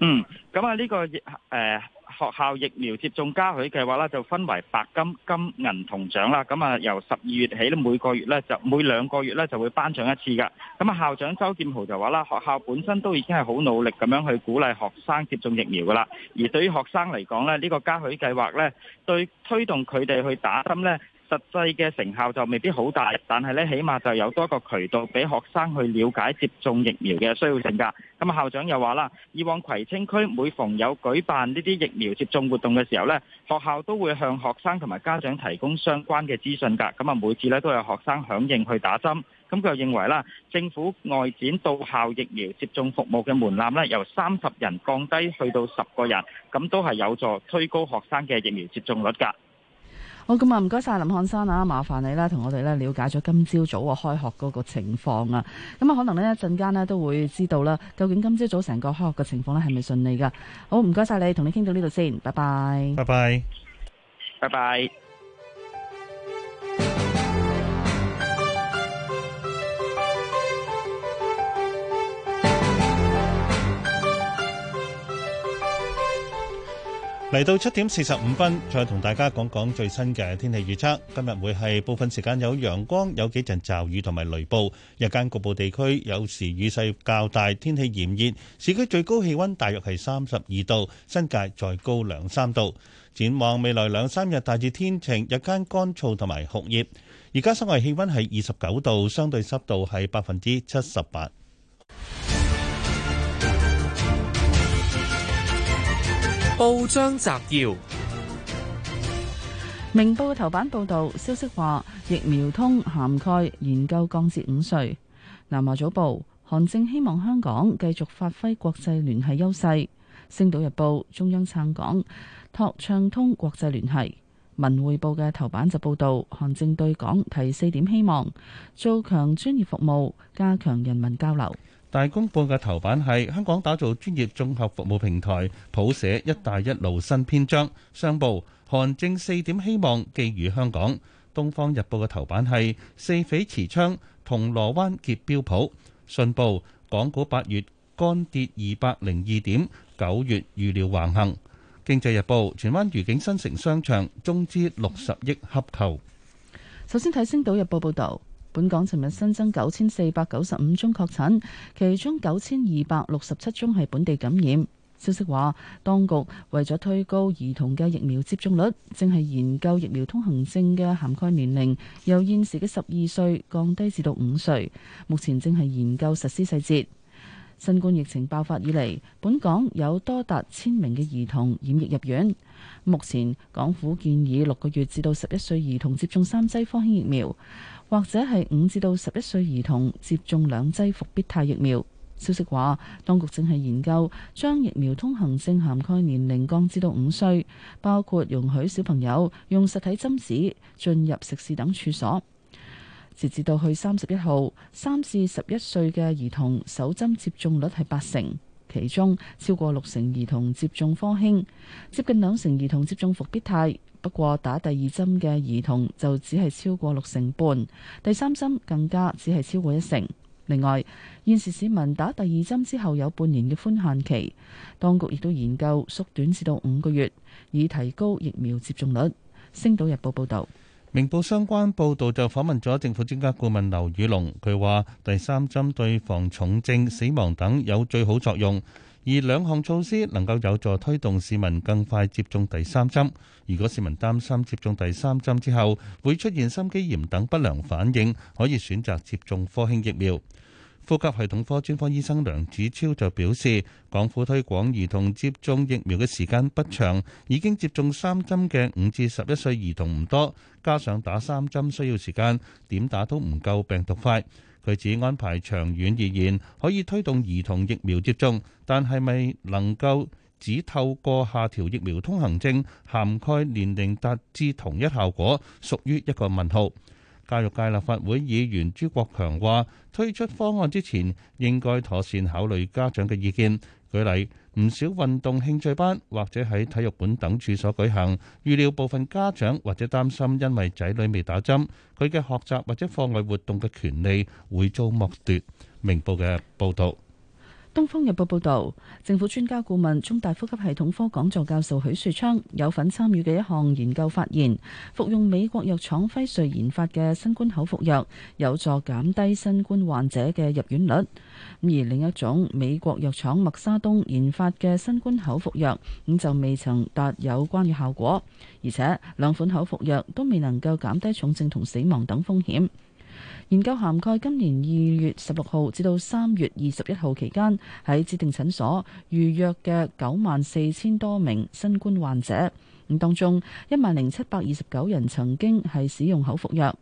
嗯，咁啊呢個誒。呃學校疫苗接種嘉許計劃啦，就分為白金、金、銀銅獎啦。咁啊，由十二月起咧，每個月咧就每兩個月咧就會頒獎一次噶。咁啊，校長周劍豪就話啦，學校本身都已經係好努力咁樣去鼓勵學生接種疫苗噶啦。而對於學生嚟講咧，呢個嘉許計劃咧，對推動佢哋去打針咧，實際嘅成效就未必好大，但係咧，起碼就有多個渠道俾學生去了解接種疫苗嘅需要性㗎。咁啊，校長又話啦，以往葵青區每逢有舉辦呢啲疫苗接種活動嘅時候咧，學校都會向學生同埋家長提供相關嘅資訊㗎。咁啊，每次咧都有學生響應去打針。咁佢又認為啦，政府外展到校疫苗接種服務嘅門檻咧，由三十人降低去到十個人，咁都係有助推高學生嘅疫苗接種率㗎。好，咁啊，唔該晒林漢生啊，麻煩你啦，同我哋咧了解咗今朝早啊開學嗰個情況啊，咁啊，可能呢一陣間呢，都會知道啦，究竟今朝早成個開學嘅情況咧係咪順利噶？好，唔該晒你，同你傾到呢度先，拜拜，拜拜，拜拜。拜拜。嚟到七點四十五分，再同大家講講最新嘅天氣預測。今日會係部分時間有陽光，有幾陣驟雨同埋雷暴。日間局部地區有時雨勢較大，天氣炎熱。市區最高氣温大約係三十二度，新界再高兩三度。展望未來兩三日大致天晴，日間乾燥同埋酷熱。而家室外氣温係二十九度，相對濕度係百分之七十八。報章摘要：明報嘅頭版報道消息話，疫苗通涵蓋研究降至五歲。南華早報，韓正希望香港繼續發揮國際聯繫優勢。星島日報，中央撐港，拓暢通國際聯繫。文匯報嘅頭版就報道，韓正對港提四點希望，做強專業服務，加強人民交流。大公報嘅頭版係香港打造專業綜合服務平台，譜寫“一帶一路”新篇章。商報，韓正四點希望寄予香港。《東方日報》嘅頭版係四匪持槍，銅鑼灣劫標普。信報，港股八月干跌二百零二點，九月預料橫行。經濟日報，荃灣愉景新城商場中資六十億洽購。首先睇《星島日報》報道。本港尋日新增九千四百九十五宗確診，其中九千二百六十七宗係本地感染。消息話，當局為咗推高兒童嘅疫苗接種率，正係研究疫苗通行證嘅涵蓋年齡，由現時嘅十二歲降低至到五歲。目前正係研究實施細節。新冠疫情爆發以嚟，本港有多達千名嘅兒童染疫入院。目前港府建議六個月至到十一歲兒童接種三劑科興疫苗。或者係五至到十一歲兒童接種兩劑復必泰疫苗。消息話，當局正係研究將疫苗通行證涵蓋年齡降至到五歲，包括容許小朋友用實體針紙進入食肆等處所。截至到去三十一號，三至十一歲嘅兒童首針接種率係八成，其中超過六成兒童接種科興，接近兩成兒童接種復必泰。不過，打第二針嘅兒童就只係超過六成半，第三針更加只係超過一成。另外，現時市民打第二針之後有半年嘅寬限期，當局亦都研究縮短至到五個月，以提高疫苗接種率。星島日報報道，明報相關報道就訪問咗政府專家顧問劉宇龍，佢話第三針對防重症、死亡等有最好作用。而兩項措施能夠有助推動市民更快接種第三針，如果市民擔心接種第三針之後會出現心肌炎等不良反應，可以選擇接種科興疫苗。呼吸系統科專科醫生梁子超就表示，港府推廣兒童接種疫苗嘅時間不長，已經接種三針嘅五至十一歲兒童唔多，加上打三針需要時間，點打都唔夠病毒快。佢只安排長遠而言，可以推動兒童疫苗接種，但係未能夠只透過下調疫苗通行證涵蓋年齡達至同一效果，屬於一個問號。教育界立法會議員朱國強話，推出方案之前，應該妥善考慮家長嘅意見。舉例。唔少運動興趣班或者喺體育館等處所舉行，預料部分家長或者擔心，因為仔女未打針，佢嘅學習或者課外活動嘅權利會遭剝奪。明報嘅報道。《東方日報》報導，政府專家顧問、中大呼吸系統科講座教授許樹昌有份參與嘅一項研究發現，服用美國藥廠輝瑞研發嘅新冠口服藥有助減低新冠患者嘅入院率。而另一種美國藥廠默沙東研發嘅新冠口服藥，咁就未曾達有關嘅效果，而且兩款口服藥都未能夠減低重症同死亡等風險。研究涵蓋今年二月十六號至到三月二十一號期間，喺指定診所預約嘅九萬四千多名新冠患者，咁當中一萬零七百二十九人曾經係使用口服藥。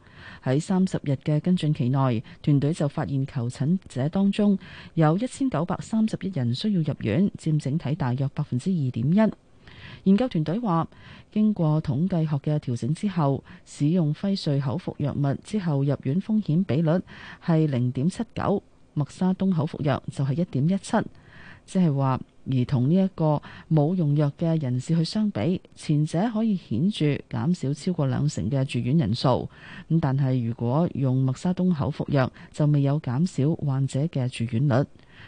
喺三十日嘅跟進期內，團隊就發現求診者當中有一千九百三十一人需要入院，佔整體大約百分之二點一。研究團隊話，經過統計學嘅調整之後，使用輝瑞口服藥物之後入院風險比率係零點七九，默沙東口服藥就係一點一七，即係話而同呢一個冇用藥嘅人士去相比，前者可以顯著減少超過兩成嘅住院人數。咁但係如果用默沙東口服藥，就未有減少患者嘅住院率。《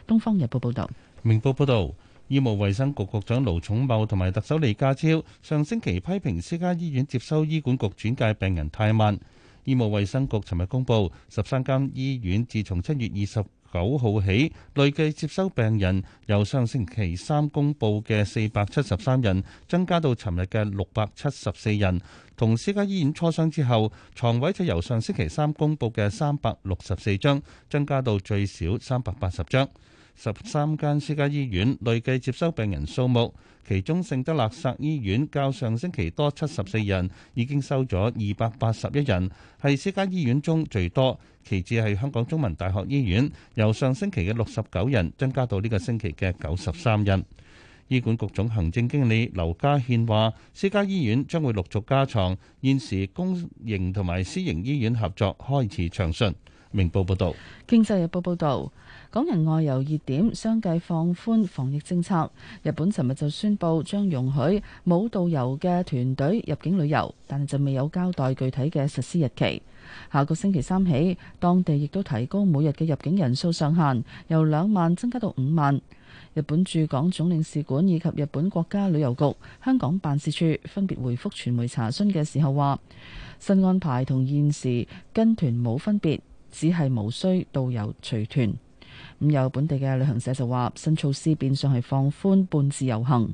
東方日報》報道。《明報》報導。醫務衛生局局長盧寵茂同埋特首李家超上星期批評私家醫院接收醫管局轉介病人太慢。醫務衛生局尋日公布，十三間醫院自從七月二十九號起，累計接收病人由上星期三公布嘅四百七十三人，增加到尋日嘅六百七十四人。同私家醫院磋商之後，床位就由上星期三公布嘅三百六十四張，增加到最少三百八十張。十三間私家醫院累計接收病人數目，其中聖德肋撒醫院較上星期多七十四人，已經收咗二百八十一人，係私家醫院中最多。其次係香港中文大學醫院，由上星期嘅六十九人增加到呢個星期嘅九十三人。醫管局總行政經理劉家獻話，私家醫院將會陸續加床。現時公營同埋私營醫院合作開始暢順。明報報道，經濟日報報道，港人外遊熱點相繼放寬防疫政策。日本尋日就宣布將容許冇導遊嘅團隊入境旅遊，但就未有交代具體嘅實施日期。下個星期三起，當地亦都提高每日嘅入境人數上限，由兩萬增加到五萬。日本駐港總領事館以及日本國家旅遊局，香港辦事處分別回覆傳媒查詢嘅時候話，新安排同現時跟團冇分別。只係無需導遊隨團咁，有本地嘅旅行社就話：新措施變相係放寬半自由行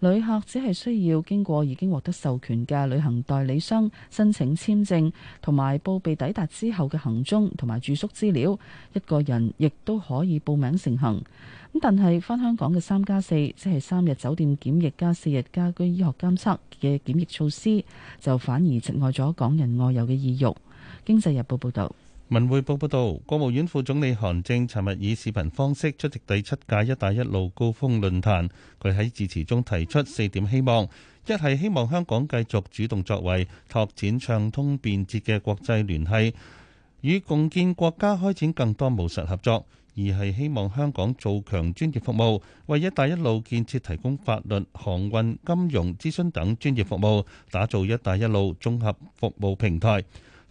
旅客，只係需要經過已經獲得授權嘅旅行代理商申請簽證，同埋報備抵達之後嘅行蹤同埋住宿資料。一個人亦都可以報名成行咁，但係翻香港嘅三加四，即係三日酒店檢疫加四日家居醫學監測嘅檢疫措施，就反而窒礙咗港人外遊嘅意欲。經濟日報報導。文匯報報道，國務院副總理韓正尋日以視頻方式出席第七屆“一帶一路”高峰論壇。佢喺致辭中提出四點希望：一係希望香港繼續主動作為，拓展暢通便捷嘅國際聯繫，與共建國家開展更多務實合作；二係希望香港做強專業服務，為“一帶一路”建設提供法律、航運、金融、諮詢等專業服務，打造“一帶一路”綜合服務平台。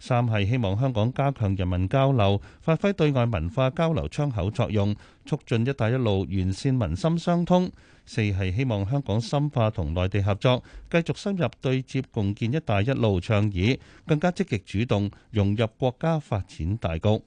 三係希望香港加強人民交流，發揮對外文化交流窗口作用，促進「一帶一路」完善民心相通。四係希望香港深化同內地合作，繼續深入對接共建「一帶一路」倡議，更加積極主動融入國家發展大局。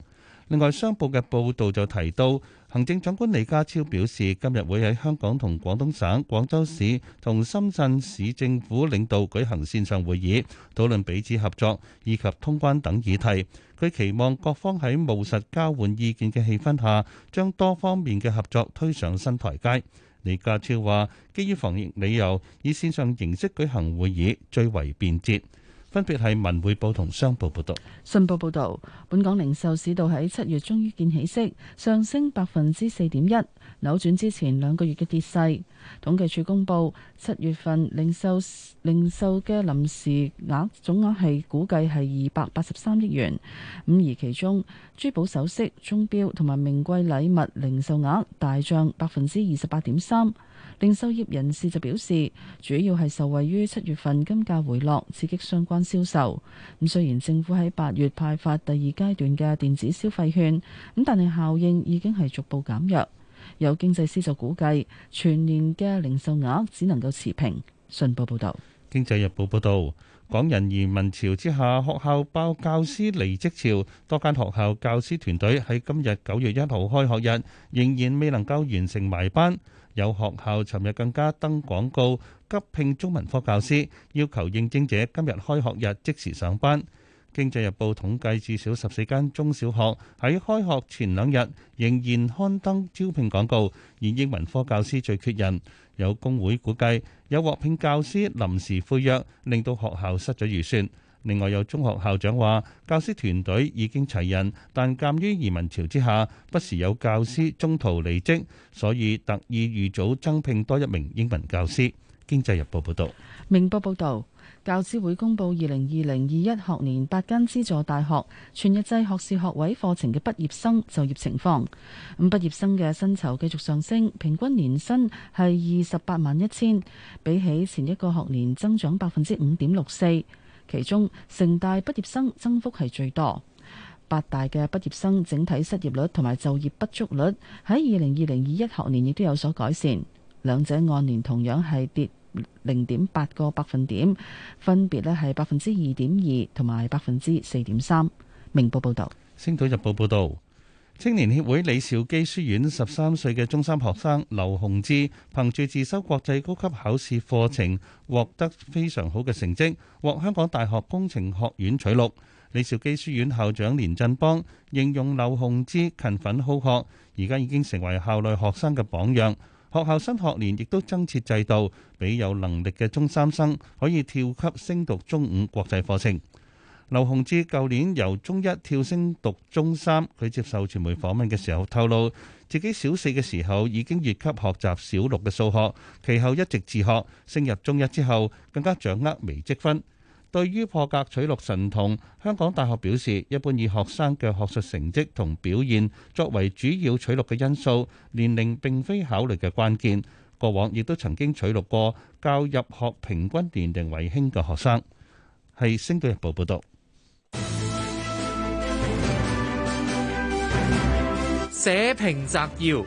另外，商報嘅報導就提到。行政長官李家超表示，今日會喺香港同廣東省、廣州市同深圳市政府領導舉行線上會議，討論彼此合作以及通關等議題。佢期望各方喺務實交換意見嘅氣氛下，將多方面嘅合作推上新台階。李家超話，基於防疫理由，以線上形式舉行會議，最為便捷。分別係文匯報同商報報導。信報報導，本港零售市道喺七月終於見起色，上升百分之四點一，扭轉之前兩個月嘅跌勢。統計處公佈，七月份零售零售嘅臨時額總額係估計係二百八十三億元。咁而其中，珠寶首飾、鐘錶同埋名貴禮物零售額大漲百分之二十八點三。零售業人士就表示，主要係受惠於七月份金價回落，刺激相關銷售。咁雖然政府喺八月派發第二階段嘅電子消費券，咁但係效應已經係逐步減弱。有經濟師就估計，全年嘅零售額只能夠持平。信報報道，經濟日報報道，港人移民潮之下，學校爆教師離職潮，多間學校教師團隊喺今日九月一號開學日仍然未能夠完成埋班。有學校尋日更加登廣告急聘中文科教師，要求應徵者今日開學日即時上班。經濟日報統計，至少十四間中小學喺開學前兩日仍然刊登招聘廣告，而英文科教師最缺人。有工會估計，有獲聘教師臨時悔約，令到學校失咗預算。另外有中學校長話，教師團隊已經齊人，但鑒於移民潮之下，不時有教師中途離職，所以特意預早增聘多一名英文教師。經濟日報報道。明報報道。教資會公布二零二零二一學年八間資助大學全日制學士學位課程嘅畢業生就業情況。咁畢業生嘅薪酬繼續上升，平均年薪係二十八萬一千，比起前一個學年增長百分之五點六四。其中城大畢業生增幅係最多，八大嘅畢業生整體失業率同埋就業不足率喺二零二零二一學年亦都有所改善，兩者按年同樣係跌零點八個百分點，分別咧係百分之二點二同埋百分之四點三。明報報道。《星島日報》報道。青年協會李兆基書院十三歲嘅中三學生劉洪志憑住自修國際高級考試課程獲得非常好嘅成績，獲香港大學工程學院取錄。李兆基書院校長連振邦形容劉洪志勤奮好學，而家已經成為校內學生嘅榜樣。學校新學年亦都增設制度，俾有能力嘅中三生可以跳級升讀中五國際課程。劉洪志舊年由中一跳升讀中三，佢接受傳媒訪問嘅時候透露，自己小四嘅時候已經越級學習小六嘅數學，其後一直自學。升入中一之後，更加掌握微積分。對於破格取錄神童，香港大學表示，一般以學生嘅學術成績同表現作為主要取錄嘅因素，年齡並非考慮嘅關鍵。過往亦都曾經取錄過較入學平均年齡為輕嘅學生。係星島日報報道。社評摘要，《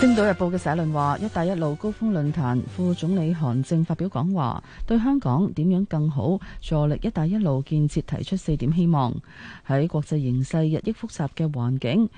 星島日報》嘅社論話：一帶一路高峰論壇，副總理韓正發表講話，對香港點樣更好助力一帶一路建設提出四點希望。喺國際形勢日益複雜嘅環境，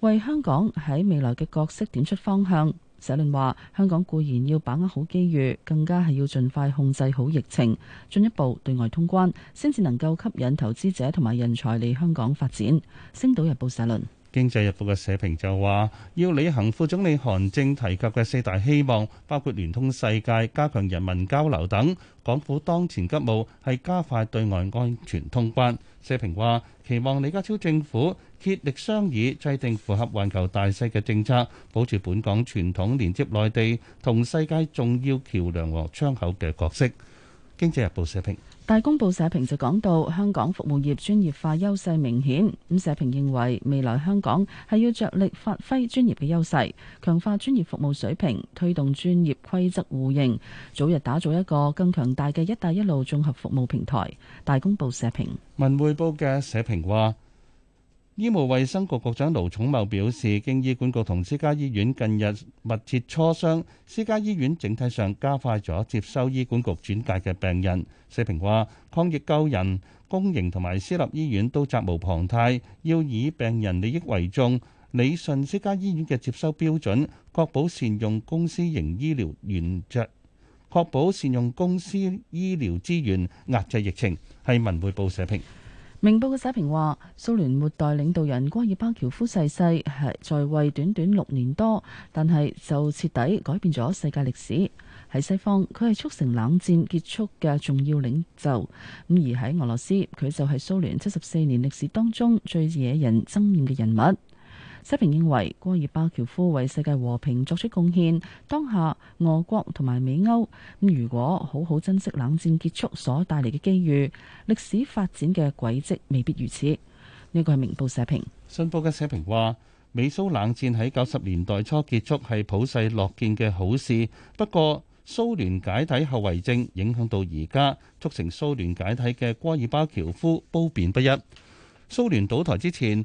為香港喺未來嘅角色點出方向。社論話：香港固然要把握好機遇，更加係要盡快控制好疫情，進一步對外通關，先至能夠吸引投資者同埋人才嚟香港發展。星島日報社論，經濟日報嘅社評就話：要履行副總理韓正提及嘅四大希望，包括聯通世界、加強人民交流等。港府當前急務係加快對外安全通關。社評話：期望李家超政府。竭力商議，制定符合環球大勢嘅政策，保住本港傳統連接內地同世界重要橋梁和窗口嘅角色。經濟日報社評，大公報社評就講到香港服務業專業化優勢明顯。咁社評認為未來香港係要着力發揮專業嘅優勢，強化專業服務水平，推動專業規則互認，早日打造一個更強大嘅一帶一路綜合服務平台。大公報社評，文匯報嘅社評話。醫務衛生局局長盧寵茂表示，經醫管局同私家醫院近日密切磋商，私家醫院整體上加快咗接收醫管局轉介嘅病人。社評話抗疫救人，公營同埋私立醫院都責無旁貸，要以病人利益為重，理順私家醫院嘅接收標準，確保善用公私營醫療原則，確保善用公私營醫療資源，壓制疫情。係文匯報社評。明報嘅社評話：蘇聯末代領導人戈爾巴喬夫逝世，世，係在位短短六年多，但係就徹底改變咗世界歷史。喺西方，佢係促成冷戰結束嘅重要領袖；咁而喺俄羅斯，佢就係蘇聯七十四年歷史當中最惹人憎厭嘅人物。社評認為，戈爾巴喬夫為世界和平作出貢獻。當下俄國同埋美歐，咁如果好好珍惜冷戰結束所帶嚟嘅機遇，歷史發展嘅軌跡未必如此。呢個係明報社評。信報嘅社評話，美蘇冷戰喺九十年代初結束係普世樂見嘅好事。不過，蘇聯解體後遺症影響到而家，促成蘇聯解體嘅戈爾巴喬夫褒貶不一。蘇聯倒台之前。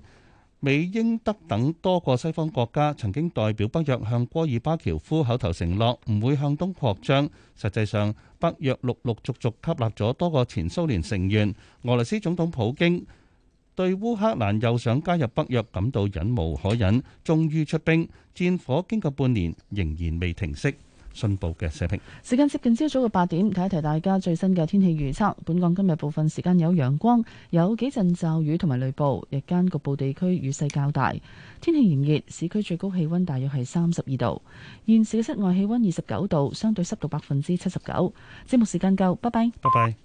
美、英、德等多個西方國家曾經代表北約向戈爾巴喬夫口頭承諾唔會向東擴張，實際上北約陸陸續續吸納咗多個前蘇聯成員。俄羅斯總統普京對烏克蘭又想加入北約感到忍無可忍，終於出兵。戰火經過半年仍然未停息。信報嘅社評。時間接近朝早嘅八點，提一提大家最新嘅天氣預測。本港今日部分時間有陽光，有幾陣驟雨同埋雷暴，日間局部地區雨勢較大。天氣炎熱，市區最高氣溫大約係三十二度。現時嘅室外氣溫二十九度，相對濕度百分之七十九。節目時間夠，拜拜。拜拜。